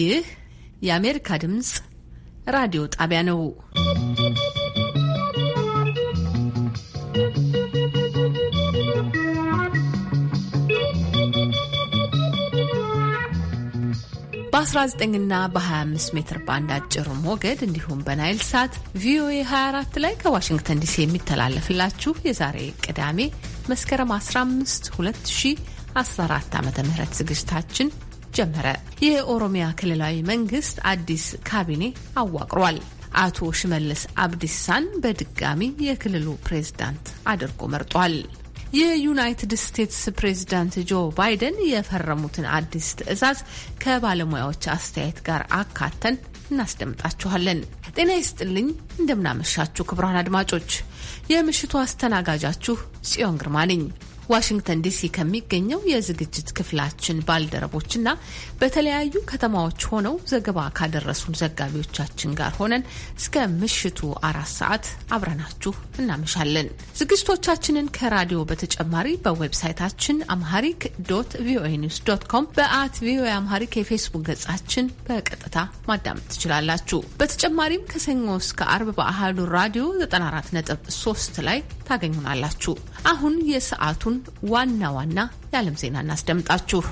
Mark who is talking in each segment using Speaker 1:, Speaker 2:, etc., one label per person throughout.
Speaker 1: ይህ የአሜሪካ ድምፅ ራዲዮ ጣቢያ ነው። በ19ና በ25 ሜትር ባንድ አጭር ሞገድ እንዲሁም በናይል ሳት ቪኦኤ 24 ላይ ከዋሽንግተን ዲሲ የሚተላለፍላችሁ የዛሬ ቅዳሜ መስከረም 15 2014 ዓ ም ዝግጅታችን ጀመረ። የኦሮሚያ ክልላዊ መንግስት አዲስ ካቢኔ አዋቅሯል። አቶ ሽመልስ አብዲሳን በድጋሚ የክልሉ ፕሬዝዳንት አድርጎ መርጧል። የዩናይትድ ስቴትስ ፕሬዝዳንት ጆ ባይደን የፈረሙትን አዲስ ትዕዛዝ ከባለሙያዎች አስተያየት ጋር አካተን እናስደምጣችኋለን። ጤና ይስጥልኝ፣ እንደምናመሻችሁ ክቡራን አድማጮች፣ የምሽቱ አስተናጋጃችሁ ጽዮን ግርማ ነኝ። ዋሽንግተን ዲሲ ከሚገኘው የዝግጅት ክፍላችን ባልደረቦችና በተለያዩ ከተማዎች ሆነው ዘገባ ካደረሱን ዘጋቢዎቻችን ጋር ሆነን እስከ ምሽቱ አራት ሰዓት አብረናችሁ እናመሻለን። ዝግጅቶቻችንን ከራዲዮ በተጨማሪ በዌብሳይታችን አምሃሪክ ዶት ቪኦኤ ኒውስ ዶት ኮም በአት ቪኦኤ አምሃሪክ የፌስቡክ ገጻችን በቀጥታ ማዳመጥ ትችላላችሁ። በተጨማሪም ከሰኞ እስከ አርብ በአህሉ ራዲዮ 94.3 ላይ ታገኙናላችሁ። አሁን የሰዓቱን አሁን ዋና ዋና የዓለም ዜና እናስደምጣችሁ።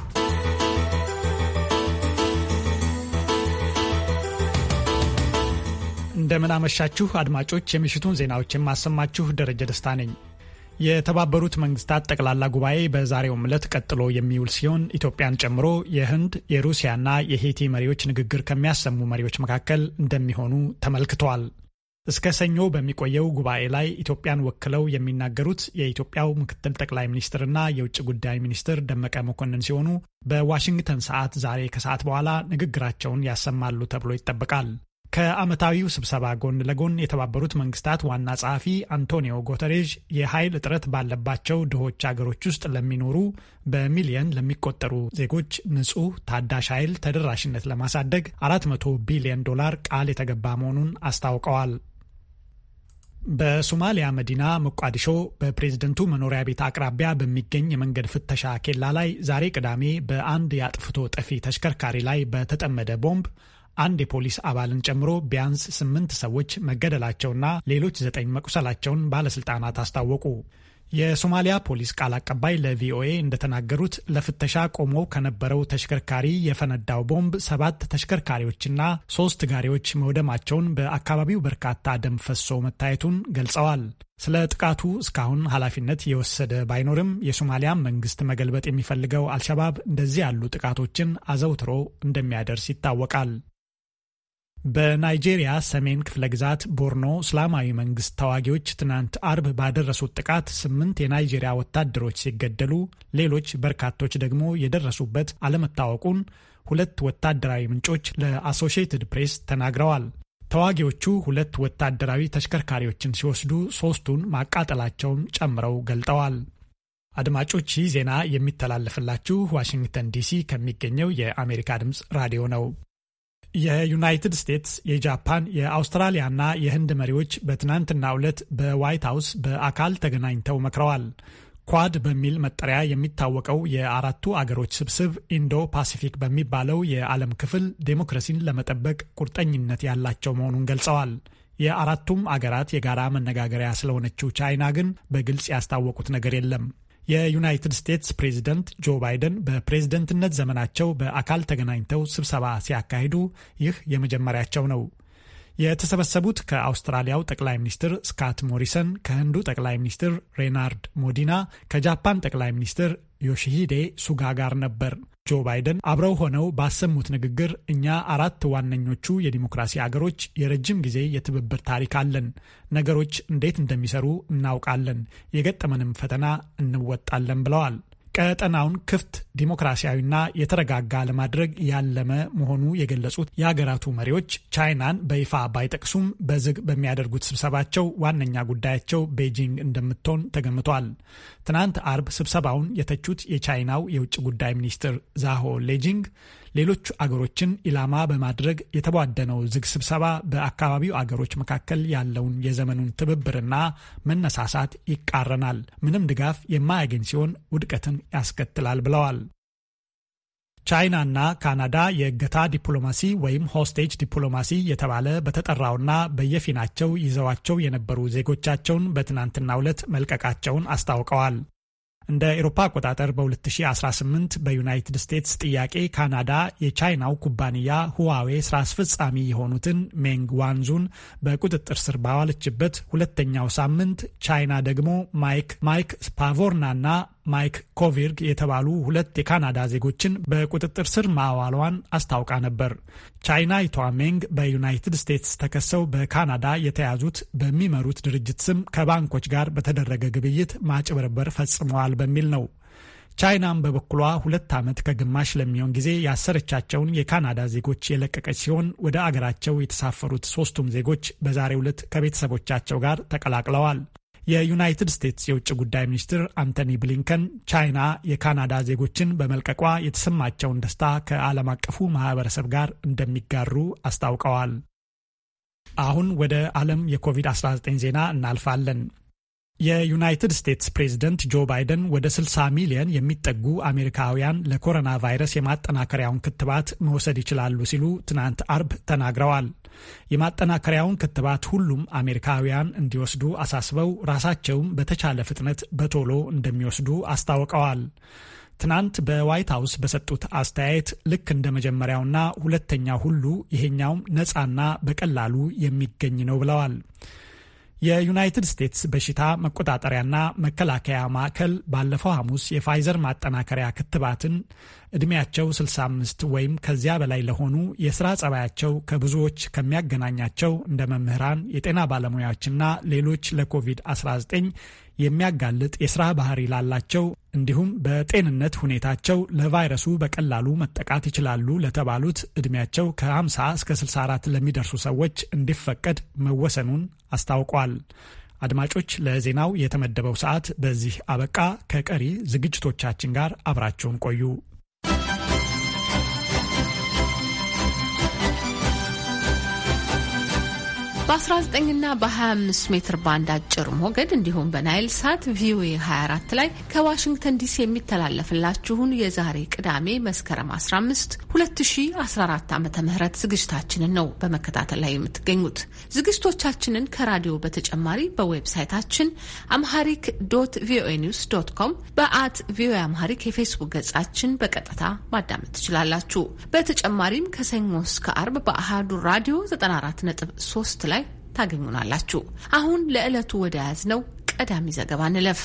Speaker 2: እንደምናመሻችሁ አድማጮች፣ የምሽቱን ዜናዎች የማሰማችሁ ደረጀ ደስታ ነኝ። የተባበሩት መንግስታት ጠቅላላ ጉባኤ በዛሬውም ዕለት ቀጥሎ የሚውል ሲሆን ኢትዮጵያን ጨምሮ የህንድ የሩሲያና የሄቲ መሪዎች ንግግር ከሚያሰሙ መሪዎች መካከል እንደሚሆኑ ተመልክቷል። እስከ ሰኞ በሚቆየው ጉባኤ ላይ ኢትዮጵያን ወክለው የሚናገሩት የኢትዮጵያው ምክትል ጠቅላይ ሚኒስትርና የውጭ ጉዳይ ሚኒስትር ደመቀ መኮንን ሲሆኑ በዋሽንግተን ሰዓት ዛሬ ከሰዓት በኋላ ንግግራቸውን ያሰማሉ ተብሎ ይጠበቃል። ከዓመታዊው ስብሰባ ጎን ለጎን የተባበሩት መንግስታት ዋና ጸሐፊ አንቶኒዮ ጎተሬዥ የኃይል እጥረት ባለባቸው ድሆች አገሮች ውስጥ ለሚኖሩ በሚሊየን ለሚቆጠሩ ዜጎች ንጹህ ታዳሽ ኃይል ተደራሽነት ለማሳደግ 400 ቢሊየን ዶላር ቃል የተገባ መሆኑን አስታውቀዋል። በሶማሊያ መዲና ሞቃዲሾ በፕሬዝደንቱ መኖሪያ ቤት አቅራቢያ በሚገኝ የመንገድ ፍተሻ ኬላ ላይ ዛሬ ቅዳሜ በአንድ የአጥፍቶ ጠፊ ተሽከርካሪ ላይ በተጠመደ ቦምብ አንድ የፖሊስ አባልን ጨምሮ ቢያንስ ስምንት ሰዎች መገደላቸውና ሌሎች ዘጠኝ መቁሰላቸውን ባለስልጣናት አስታወቁ። የሶማሊያ ፖሊስ ቃል አቀባይ ለቪኦኤ እንደተናገሩት ለፍተሻ ቆሞ ከነበረው ተሽከርካሪ የፈነዳው ቦምብ ሰባት ተሽከርካሪዎችና ሶስት ጋሪዎች መውደማቸውን በአካባቢው በርካታ ደም ፈሶ መታየቱን ገልጸዋል። ስለ ጥቃቱ እስካሁን ኃላፊነት የወሰደ ባይኖርም የሶማሊያ መንግስት መገልበጥ የሚፈልገው አልሸባብ እንደዚህ ያሉ ጥቃቶችን አዘውትሮ እንደሚያደርስ ይታወቃል። በናይጄሪያ ሰሜን ክፍለ ግዛት ቦርኖ እስላማዊ መንግስት ተዋጊዎች ትናንት አርብ ባደረሱት ጥቃት ስምንት የናይጄሪያ ወታደሮች ሲገደሉ ሌሎች በርካቶች ደግሞ የደረሱበት አለመታወቁን ሁለት ወታደራዊ ምንጮች ለአሶሺየትድ ፕሬስ ተናግረዋል። ተዋጊዎቹ ሁለት ወታደራዊ ተሽከርካሪዎችን ሲወስዱ ሶስቱን ማቃጠላቸውን ጨምረው ገልጠዋል። አድማጮች ይህ ዜና የሚተላለፍላችሁ ዋሽንግተን ዲሲ ከሚገኘው የአሜሪካ ድምፅ ራዲዮ ነው። የዩናይትድ ስቴትስ፣ የጃፓን፣ የአውስትራሊያና የህንድ መሪዎች በትናንትናው ዕለት በዋይት ሀውስ በአካል ተገናኝተው መክረዋል። ኳድ በሚል መጠሪያ የሚታወቀው የአራቱ አገሮች ስብስብ ኢንዶ ፓሲፊክ በሚባለው የዓለም ክፍል ዴሞክራሲን ለመጠበቅ ቁርጠኝነት ያላቸው መሆኑን ገልጸዋል። የአራቱም አገራት የጋራ መነጋገሪያ ስለሆነችው ቻይና ግን በግልጽ ያስታወቁት ነገር የለም። የዩናይትድ ስቴትስ ፕሬዚደንት ጆ ባይደን በፕሬዝደንትነት ዘመናቸው በአካል ተገናኝተው ስብሰባ ሲያካሂዱ ይህ የመጀመሪያቸው ነው። የተሰበሰቡት ከአውስትራሊያው ጠቅላይ ሚኒስትር ስካት ሞሪሰን፣ ከህንዱ ጠቅላይ ሚኒስትር ሬናርድ ሞዲና፣ ከጃፓን ጠቅላይ ሚኒስትር ዮሺሂዴ ሱጋ ጋር ነበር። ጆ ባይደን አብረው ሆነው ባሰሙት ንግግር እኛ አራት ዋነኞቹ የዲሞክራሲ አገሮች የረጅም ጊዜ የትብብር ታሪክ አለን። ነገሮች እንዴት እንደሚሰሩ እናውቃለን። የገጠመንም ፈተና እንወጣለን ብለዋል። ቀጠናውን ክፍት ዲሞክራሲያዊና የተረጋጋ ለማድረግ ያለመ መሆኑ የገለጹት የሀገራቱ መሪዎች ቻይናን በይፋ ባይጠቅሱም በዝግ በሚያደርጉት ስብሰባቸው ዋነኛ ጉዳያቸው ቤጂንግ እንደምትሆን ተገምቷል። ትናንት አርብ ስብሰባውን የተቹት የቻይናው የውጭ ጉዳይ ሚኒስትር ዛሆ ሌጂንግ ሌሎች አገሮችን ኢላማ በማድረግ የተቧደነው ዝግ ስብሰባ በአካባቢው አገሮች መካከል ያለውን የዘመኑን ትብብርና መነሳሳት ይቃረናል፣ ምንም ድጋፍ የማያገኝ ሲሆን ውድቀትን ያስከትላል ብለዋል። ቻይናና ካናዳ የእገታ ዲፕሎማሲ ወይም ሆስቴጅ ዲፕሎማሲ የተባለ በተጠራውና በየፊናቸው ይዘዋቸው የነበሩ ዜጎቻቸውን በትናንትናው ዕለት መልቀቃቸውን አስታውቀዋል። እንደ ኤሮፓ አቆጣጠር በ2018 በዩናይትድ ስቴትስ ጥያቄ ካናዳ የቻይናው ኩባንያ ሁዋዌ ስራ አስፈጻሚ የሆኑትን ሜንግ ዋንዙን በቁጥጥር ስር ባዋለችበት ሁለተኛው ሳምንት ቻይና ደግሞ ማይክ ማይክ ፓቮርናና። ና ማይክ ኮቪርግ የተባሉ ሁለት የካናዳ ዜጎችን በቁጥጥር ስር ማዋሏን አስታውቃ ነበር። ቻይና ሜንግ በዩናይትድ ስቴትስ ተከሰው በካናዳ የተያዙት በሚመሩት ድርጅት ስም ከባንኮች ጋር በተደረገ ግብይት ማጭበርበር ፈጽመዋል በሚል ነው። ቻይናም በበኩሏ ሁለት ዓመት ከግማሽ ለሚሆን ጊዜ ያሰረቻቸውን የካናዳ ዜጎች የለቀቀች ሲሆን ወደ አገራቸው የተሳፈሩት ሦስቱም ዜጎች በዛሬው ዕለት ከቤተሰቦቻቸው ጋር ተቀላቅለዋል። የዩናይትድ ስቴትስ የውጭ ጉዳይ ሚኒስትር አንቶኒ ብሊንከን ቻይና የካናዳ ዜጎችን በመልቀቋ የተሰማቸውን ደስታ ከዓለም አቀፉ ማህበረሰብ ጋር እንደሚጋሩ አስታውቀዋል። አሁን ወደ ዓለም የኮቪድ-19 ዜና እናልፋለን። የዩናይትድ ስቴትስ ፕሬዝደንት ጆ ባይደን ወደ 60 ሚሊዮን የሚጠጉ አሜሪካውያን ለኮሮና ቫይረስ የማጠናከሪያውን ክትባት መውሰድ ይችላሉ ሲሉ ትናንት አርብ ተናግረዋል። የማጠናከሪያውን ክትባት ሁሉም አሜሪካውያን እንዲወስዱ አሳስበው ራሳቸውም በተቻለ ፍጥነት በቶሎ እንደሚወስዱ አስታውቀዋል። ትናንት በዋይት ሀውስ በሰጡት አስተያየት ልክ እንደ መጀመሪያውና ሁለተኛው ሁሉ ይሄኛውም ነፃና በቀላሉ የሚገኝ ነው ብለዋል። የዩናይትድ ስቴትስ በሽታ መቆጣጠሪያና መከላከያ ማዕከል ባለፈው ሐሙስ የፋይዘር ማጠናከሪያ ክትባትን ዕድሜያቸው 65 ወይም ከዚያ በላይ ለሆኑ የሥራ ጸባያቸው ከብዙዎች ከሚያገናኛቸው እንደ መምህራን፣ የጤና ባለሙያዎችና ሌሎች ለኮቪድ-19 የሚያጋልጥ የስራ ባህሪ ላላቸው እንዲሁም በጤንነት ሁኔታቸው ለቫይረሱ በቀላሉ መጠቃት ይችላሉ ለተባሉት ዕድሜያቸው ከ50 እስከ 64 ለሚደርሱ ሰዎች እንዲፈቀድ መወሰኑን አስታውቋል። አድማጮች፣ ለዜናው የተመደበው ሰዓት በዚህ አበቃ። ከቀሪ ዝግጅቶቻችን ጋር አብራችሁን ቆዩ።
Speaker 1: በ19 ና በ25 ሜትር ባንድ አጭር ሞገድ እንዲሁም በናይል ሳት ቪኦኤ 24 ላይ ከዋሽንግተን ዲሲ የሚተላለፍላችሁን የዛሬ ቅዳሜ መስከረም 15 2014 ዓ ም ዝግጅታችንን ነው በመከታተል ላይ የምትገኙት። ዝግጅቶቻችንን ከራዲዮ በተጨማሪ በዌብሳይታችን አምሃሪክ ዶት ቪኦኤ ኒውስ ዶት ኮም፣ በአት ቪኦኤ አምሃሪክ የፌስቡክ ገጻችን በቀጥታ ማዳመጥ ትችላላችሁ። በተጨማሪም ከሰኞ እስከ አርብ ራዲዮ 94.3 ላይ ታገኙናላችሁ። አሁን ለዕለቱ ወደ ያዝነው ቀዳሚ ዘገባ እንለፍ።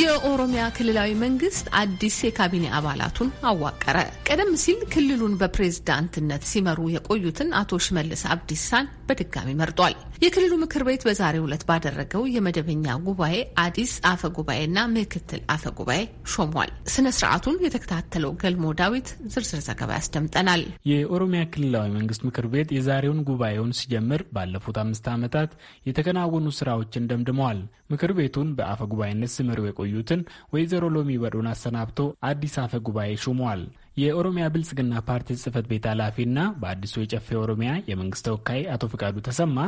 Speaker 1: የኦሮሚያ ክልላዊ መንግስት አዲስ የካቢኔ አባላቱን አዋቀረ። ቀደም ሲል ክልሉን በፕሬዝዳንትነት ሲመሩ የቆዩትን አቶ ሽመልስ አብዲሳን በድጋሚ መርጧል። የክልሉ ምክር ቤት በዛሬው ዕለት ባደረገው የመደበኛ ጉባኤ አዲስ አፈ ጉባኤና ምክትል አፈ ጉባኤ ሾሟል። ስነ ስርዓቱን የተከታተለው ገልሞ ዳዊት ዝርዝር ዘገባ ያስደምጠናል። የኦሮሚያ
Speaker 3: ክልላዊ መንግስት ምክር ቤት የዛሬውን ጉባኤውን ሲጀምር ባለፉት አምስት ዓመታት የተከናወኑ ስራዎችን ደምድመዋል። ምክር ቤቱን በአፈ ጉባኤነት ሲመሩ የቆ የቆዩትን ወይዘሮ ሎሚ በዶን አሰናብቶ አዲስ አፈ ጉባኤ ሹሟል። የኦሮሚያ ብልጽግና ፓርቲ ጽህፈት ቤት ኃላፊና በአዲሱ የጨፌ ኦሮሚያ የመንግስት ተወካይ አቶ ፍቃዱ ተሰማ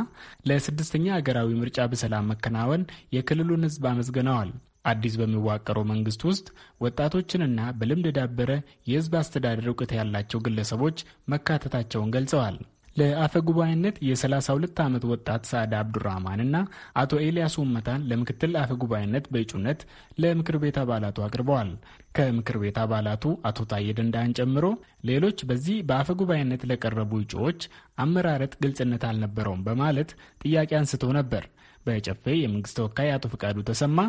Speaker 3: ለስድስተኛ ሀገራዊ ምርጫ በሰላም መከናወን የክልሉን ህዝብ አመስግነዋል። አዲስ በሚዋቀረው መንግስት ውስጥ ወጣቶችንና በልምድ የዳበረ የህዝብ አስተዳደር እውቀት ያላቸው ግለሰቦች መካተታቸውን ገልጸዋል። ለአፈ ጉባኤነት የ32 ዓመት ወጣት ሳዕድ አብዱራህማን አቶ ኤልያስ ውመታን ለምክትል አፈ ጉባኤነት በእጩነት ለምክር ቤት አባላቱ አቅርበዋል። ከምክር ቤት አባላቱ አቶ ታዬ ደንዳን ጨምሮ ሌሎች በዚህ በአፈ ጉባኤነት ለቀረቡ እጩዎች አመራረጥ ግልጽነት አልነበረውም በማለት ጥያቄ አንስቶ ነበር። በጨፌ የመንግስት ተወካይ አቶ ፍቃዱ ተሰማ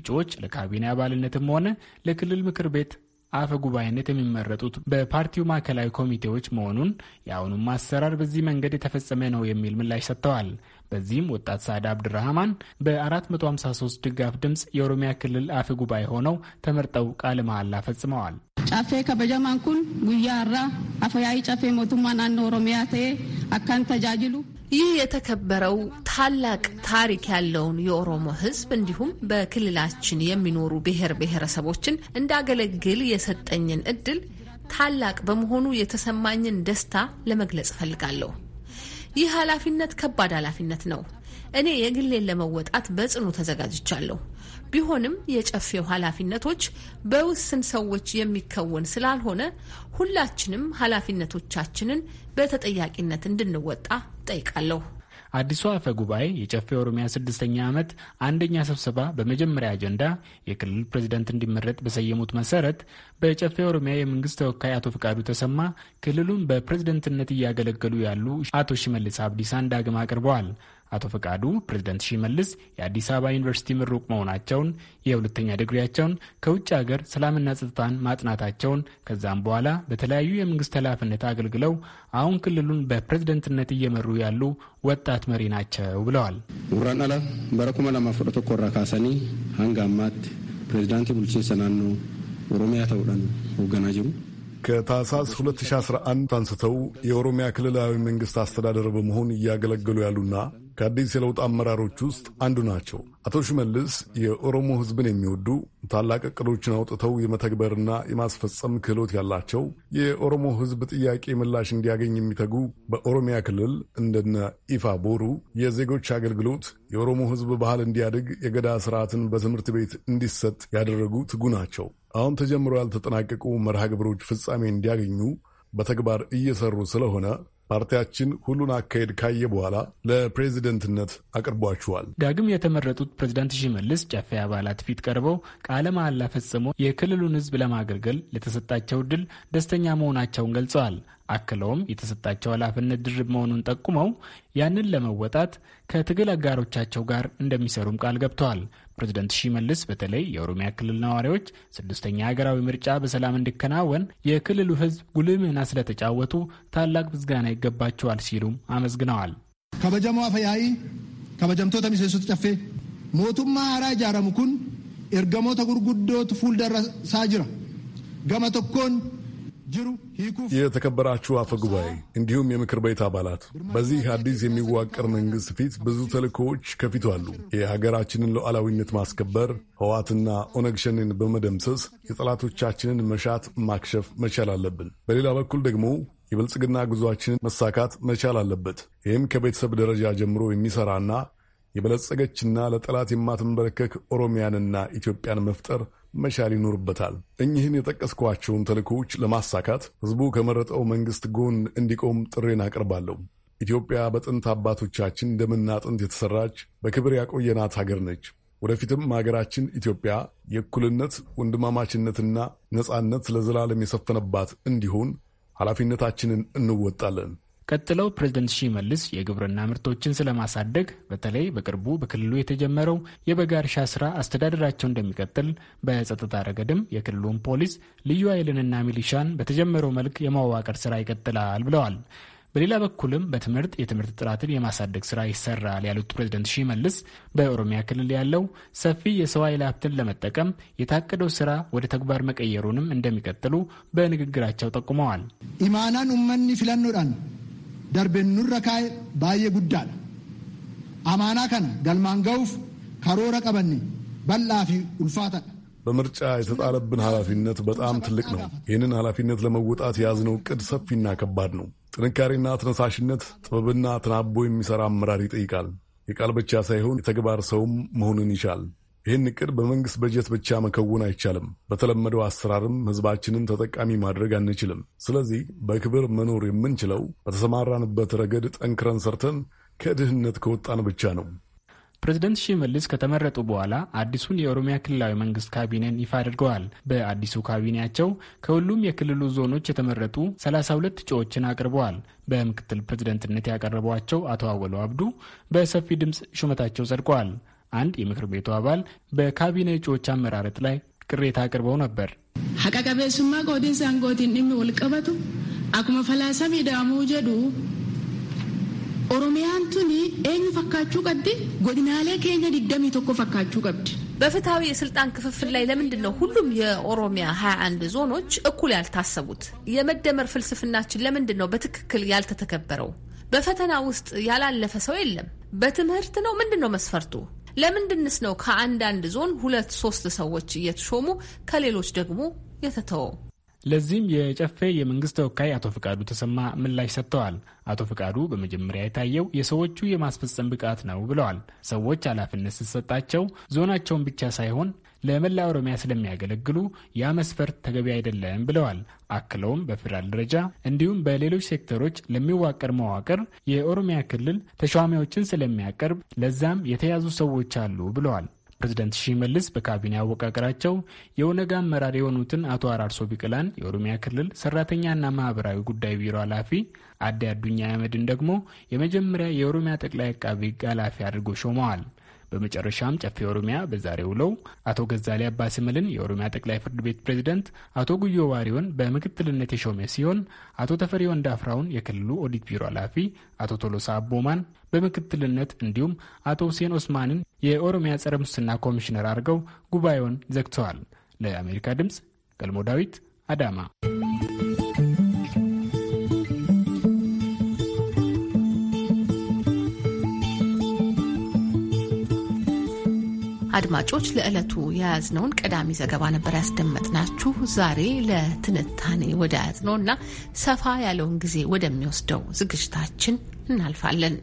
Speaker 3: እጩዎች ለካቢኔ አባልነትም ሆነ ለክልል ምክር ቤት አፈ ጉባኤነት የሚመረጡት በፓርቲው ማዕከላዊ ኮሚቴዎች መሆኑን የአሁኑም አሰራር በዚህ መንገድ የተፈጸመ ነው የሚል ምላሽ ሰጥተዋል። በዚህም ወጣት ሳዕድ አብድራህማን በ453 ድጋፍ ድምፅ የኦሮሚያ ክልል አፈ ጉባኤ ሆነው ተመርጠው ቃለ መሐላ ፈጽመዋል።
Speaker 4: ጫፌ ከበጀማን ኩን ጉያ አራ አፈያይ ጫፌ ሞቱማን ናኖ ኦሮሚያ
Speaker 1: ተ አካን ተጃጅሉ ይህ የተከበረው ታላቅ ታሪክ ያለውን የኦሮሞ ሕዝብ እንዲሁም በክልላችን የሚኖሩ ብሔር ብሔረሰቦችን እንዳገለግል የሰጠኝን እድል ታላቅ በመሆኑ የተሰማኝን ደስታ ለመግለጽ እፈልጋለሁ። ይህ ኃላፊነት ከባድ ኃላፊነት ነው። እኔ የግሌን ለመወጣት በጽኑ ተዘጋጅቻለሁ። ቢሆንም የጨፌው ኃላፊነቶች በውስን ሰዎች የሚከወን ስላልሆነ ሁላችንም ኃላፊነቶቻችንን በተጠያቂነት እንድንወጣ ጠይቃለሁ።
Speaker 3: አዲሱ አፈ ጉባኤ የጨፌ ኦሮሚያ ስድስተኛ ዓመት አንደኛ ስብሰባ በመጀመሪያ አጀንዳ የክልል ፕሬዚደንት እንዲመረጥ በሰየሙት መሰረት በጨፌ ኦሮሚያ የመንግስት ተወካይ አቶ ፍቃዱ ተሰማ ክልሉን በፕሬዝደንትነት እያገለገሉ ያሉ አቶ ሽመልስ አብዲሳን ዳግም አቅርበዋል። አቶ ፈቃዱ ፕሬዝደንት ሺመልስ የአዲስ አበባ ዩኒቨርሲቲ ምሩቅ መሆናቸውን የሁለተኛ ድግሪያቸውን ከውጭ ሀገር ሰላምና ጸጥታን ማጥናታቸውን ከዛም በኋላ በተለያዩ የመንግስት ኃላፊነት አገልግለው አሁን ክልሉን በፕሬዝደንትነት እየመሩ ያሉ ወጣት መሪ ናቸው ብለዋል።
Speaker 5: ውራን አላ በረኩመ ለማፈዶ ተኮራ ካሰኒ አንጋማት ፕሬዝዳንት ኦሮሚያ ተውደን ወገና ጅሩ ከታህሳስ 2011 አንስተው የኦሮሚያ ክልላዊ መንግስት አስተዳደር በመሆን እያገለገሉ ያሉና ከአዲስ የለውጥ አመራሮች ውስጥ አንዱ ናቸው። አቶ ሽመልስ የኦሮሞ ሕዝብን የሚወዱ ታላቅ እቅዶችን አውጥተው የመተግበርና የማስፈጸም ክህሎት ያላቸው የኦሮሞ ሕዝብ ጥያቄ ምላሽ እንዲያገኝ የሚተጉ በኦሮሚያ ክልል እንደነ ኢፋ ቦሩ የዜጎች አገልግሎት የኦሮሞ ሕዝብ ባህል እንዲያድግ የገዳ ስርዓትን በትምህርት ቤት እንዲሰጥ ያደረጉ ትጉ ናቸው። አሁን ተጀምሮ ያልተጠናቀቁ መርሃ ግብሮች ፍጻሜ እንዲያገኙ በተግባር እየሰሩ ስለሆነ ፓርቲያችን ሁሉን አካሄድ ካየ በኋላ ለፕሬዚደንትነት አቅርቧችኋል።
Speaker 3: ዳግም የተመረጡት ፕሬዚዳንት ሽመልስ ጨፌ አባላት ፊት ቀርበው ቃለ መሐላ ፈጽሞ የክልሉን ሕዝብ ለማገልገል ለተሰጣቸው ድል ደስተኛ መሆናቸውን ገልጸዋል። አክለውም የተሰጣቸው ኃላፊነት ድርብ መሆኑን ጠቁመው ያንን ለመወጣት ከትግል አጋሮቻቸው ጋር እንደሚሰሩም ቃል ገብተዋል። ፕሬዚደንት ሺመልስ በተለይ የኦሮሚያ ክልል ነዋሪዎች ስድስተኛ ሀገራዊ ምርጫ በሰላም እንዲከናወን የክልሉ ህዝብ ጉልህ ሚና ስለተጫወቱ ታላቅ ምስጋና ይገባቸዋል
Speaker 6: ሲሉም አመስግነዋል። ከበጀማ ፈያይ ከበጀምቶተ ሚሴሱት ጨፌ ሞቱማ አራ ጃረሙ ኩን ኤርገሞተ ጉርጉዶት ደረሳ ጅራ ገመ ቶኮን
Speaker 5: የተከበራችሁ አፈ ጉባኤ እንዲሁም የምክር ቤት አባላት በዚህ አዲስ የሚዋቀር መንግስት ፊት ብዙ ተልእኮዎች ከፊቱ አሉ። የሀገራችንን ሉዓላዊነት ማስከበር፣ ህዋትና ኦነግ ሸኔን በመደምሰስ የጠላቶቻችንን መሻት ማክሸፍ መቻል አለብን። በሌላ በኩል ደግሞ የብልጽግና ጉዞአችንን መሳካት መቻል አለበት። ይህም ከቤተሰብ ደረጃ ጀምሮ የሚሰራና የበለጸገችና ለጠላት የማትንበረከክ ኦሮሚያንና ኢትዮጵያን መፍጠር መቻል ይኖርበታል። እኚህን የጠቀስኳቸውን ተልእኮዎች ለማሳካት ህዝቡ ከመረጠው መንግስት ጎን እንዲቆም ጥሬን አቀርባለሁ። ኢትዮጵያ በጥንት አባቶቻችን ደምና አጥንት የተሰራች በክብር ያቆየናት ሀገር ነች። ወደፊትም ሀገራችን ኢትዮጵያ የእኩልነት ወንድማማችነትና ነጻነት ለዘላለም የሰፈነባት እንዲሆን ኃላፊነታችንን እንወጣለን።
Speaker 3: ቀጥለው ፕሬዝደንት ሺመልስ የግብርና ምርቶችን ስለማሳደግ በተለይ በቅርቡ በክልሉ የተጀመረው የበጋ እርሻ ስራ አስተዳደራቸው እንደሚቀጥል፣ በጸጥታ ረገድም የክልሉን ፖሊስ ልዩ ኃይልንና ሚሊሻን በተጀመረው መልክ የማዋቀር ስራ ይቀጥላል ብለዋል። በሌላ በኩልም በትምህርት የትምህርት ጥራትን የማሳደግ ስራ ይሰራል ያሉት ፕሬዝደንት ሺመልስ በኦሮሚያ ክልል ያለው ሰፊ የሰው ኃይል ሀብትን ለመጠቀም የታቀደው ስራ ወደ ተግባር መቀየሩንም እንደሚቀጥሉ በንግግራቸው ጠቁመዋል።
Speaker 6: ኢማናን ኡመኒ ፊለኑዳን darbeen nurra kaa'e baay'ee guddaadha. Amaanaa kana galmaan ga'uuf karoora qabanne bal'aa fi ulfaatadha.
Speaker 5: በምርጫ የተጣለብን ኃላፊነት በጣም ትልቅ ነው። ይህንን ኃላፊነት ለመወጣት የያዝነው እቅድ ሰፊና ከባድ ነው። ጥንካሬና ተነሳሽነት፣ ጥበብና ተናቦ የሚሠራ አመራር ይጠይቃል። የቃል ብቻ ሳይሆን የተግባር ሰውም መሆንን ይሻል። ይህን እቅድ በመንግስት በጀት ብቻ መከወን አይቻልም። በተለመደው አሰራርም ህዝባችንን ተጠቃሚ ማድረግ አንችልም። ስለዚህ በክብር መኖር የምንችለው በተሰማራንበት ረገድ ጠንክረን ሰርተን ከድህነት ከወጣን ብቻ ነው። ፕሬዚደንት ሽመልስ
Speaker 3: ከተመረጡ በኋላ አዲሱን የኦሮሚያ ክልላዊ መንግስት ካቢኔን ይፋ አድርገዋል። በአዲሱ ካቢኔያቸው ከሁሉም የክልሉ ዞኖች የተመረጡ 32 እጩዎችን አቅርበዋል። በምክትል ፕሬዚደንትነት ያቀረቧቸው አቶ አወሎ አብዱ በሰፊ ድምፅ ሹመታቸው ጸድቀዋል። አንድ የምክር ቤቱ አባል በካቢኔ እጩዎች አመራረጥ ላይ ቅሬታ አቅርበው ነበር።
Speaker 1: ሀቀቀቤሱማ ቆዲን ሳንጎቲን ወልቀበቱ አኩመ ፈላሰሚ ዳሙ ጀዱ ኦሮሚያንቱኒ ኤኙ ፈካችሁ ቀድ ጎድናሌ ኬኛ ዲደሚ ቶኮ ፈካችሁ ቀብድ በፍትሐዊ የስልጣን ክፍፍል ላይ ለምንድን ነው ሁሉም የኦሮሚያ 21 ዞኖች እኩል ያልታሰቡት? የመደመር ፍልስፍናችን ለምንድን ነው በትክክል ያልተተከበረው? በፈተና ውስጥ ያላለፈ ሰው የለም። በትምህርት ነው ምንድን ነው መስፈርቱ? ለምንድንስ ነው ከአንዳንድ ዞን ሁለት ሶስት ሰዎች እየተሾሙ ከሌሎች ደግሞ የተተወው?
Speaker 3: ለዚህም የጨፌ የመንግስት ተወካይ አቶ ፍቃዱ ተሰማ ምላሽ ሰጥተዋል። አቶ ፍቃዱ በመጀመሪያ የታየው የሰዎቹ የማስፈጸም ብቃት ነው ብለዋል። ሰዎች ኃላፊነት ስትሰጣቸው ዞናቸውን ብቻ ሳይሆን ለመላ ኦሮሚያ ስለሚያገለግሉ ያ መስፈርት ተገቢ አይደለም ብለዋል። አክለውም በፌዴራል ደረጃ እንዲሁም በሌሎች ሴክተሮች ለሚዋቀር መዋቅር የኦሮሚያ ክልል ተሿሚዎችን ስለሚያቀርብ ለዛም የተያዙ ሰዎች አሉ ብለዋል። ፕሬዚደንት ሺመልስ በካቢኔ አወቃቀራቸው የኦነግ አመራር የሆኑትን አቶ አራርሶ ቢቅላን የኦሮሚያ ክልል ሰራተኛና ማህበራዊ ጉዳይ ቢሮ ኃላፊ፣ አዲ አዱኛ አህመድን ደግሞ የመጀመሪያ የኦሮሚያ ጠቅላይ አቃቢ ሕግ ኃላፊ አድርጎ ሾመዋል። በመጨረሻም ጨፌ ኦሮሚያ በዛሬው ውለው አቶ ገዛሌ አባስምልን የኦሮሚያ ጠቅላይ ፍርድ ቤት ፕሬዝደንት፣ አቶ ጉዮ ዋሪዮን በምክትልነት የሾመ ሲሆን አቶ ተፈሪ ወንድአፍራውን የክልሉ ኦዲት ቢሮ ኃላፊ፣ አቶ ቶሎሳ አቦማን በምክትልነት እንዲሁም አቶ ሁሴን ኦስማንን የኦሮሚያ ጸረ ሙስና ኮሚሽነር አድርገው ጉባኤውን ዘግተዋል። ለአሜሪካ ድምፅ ገልሞ ዳዊት አዳማ
Speaker 1: አድማጮች ለዕለቱ የያዝነውን ቀዳሚ ዘገባ ነበር ያስደመጥናችሁ። ዛሬ ለትንታኔ ወደ ያዝነው እና ሰፋ ያለውን ጊዜ ወደሚወስደው ዝግጅታችን እናልፋለን።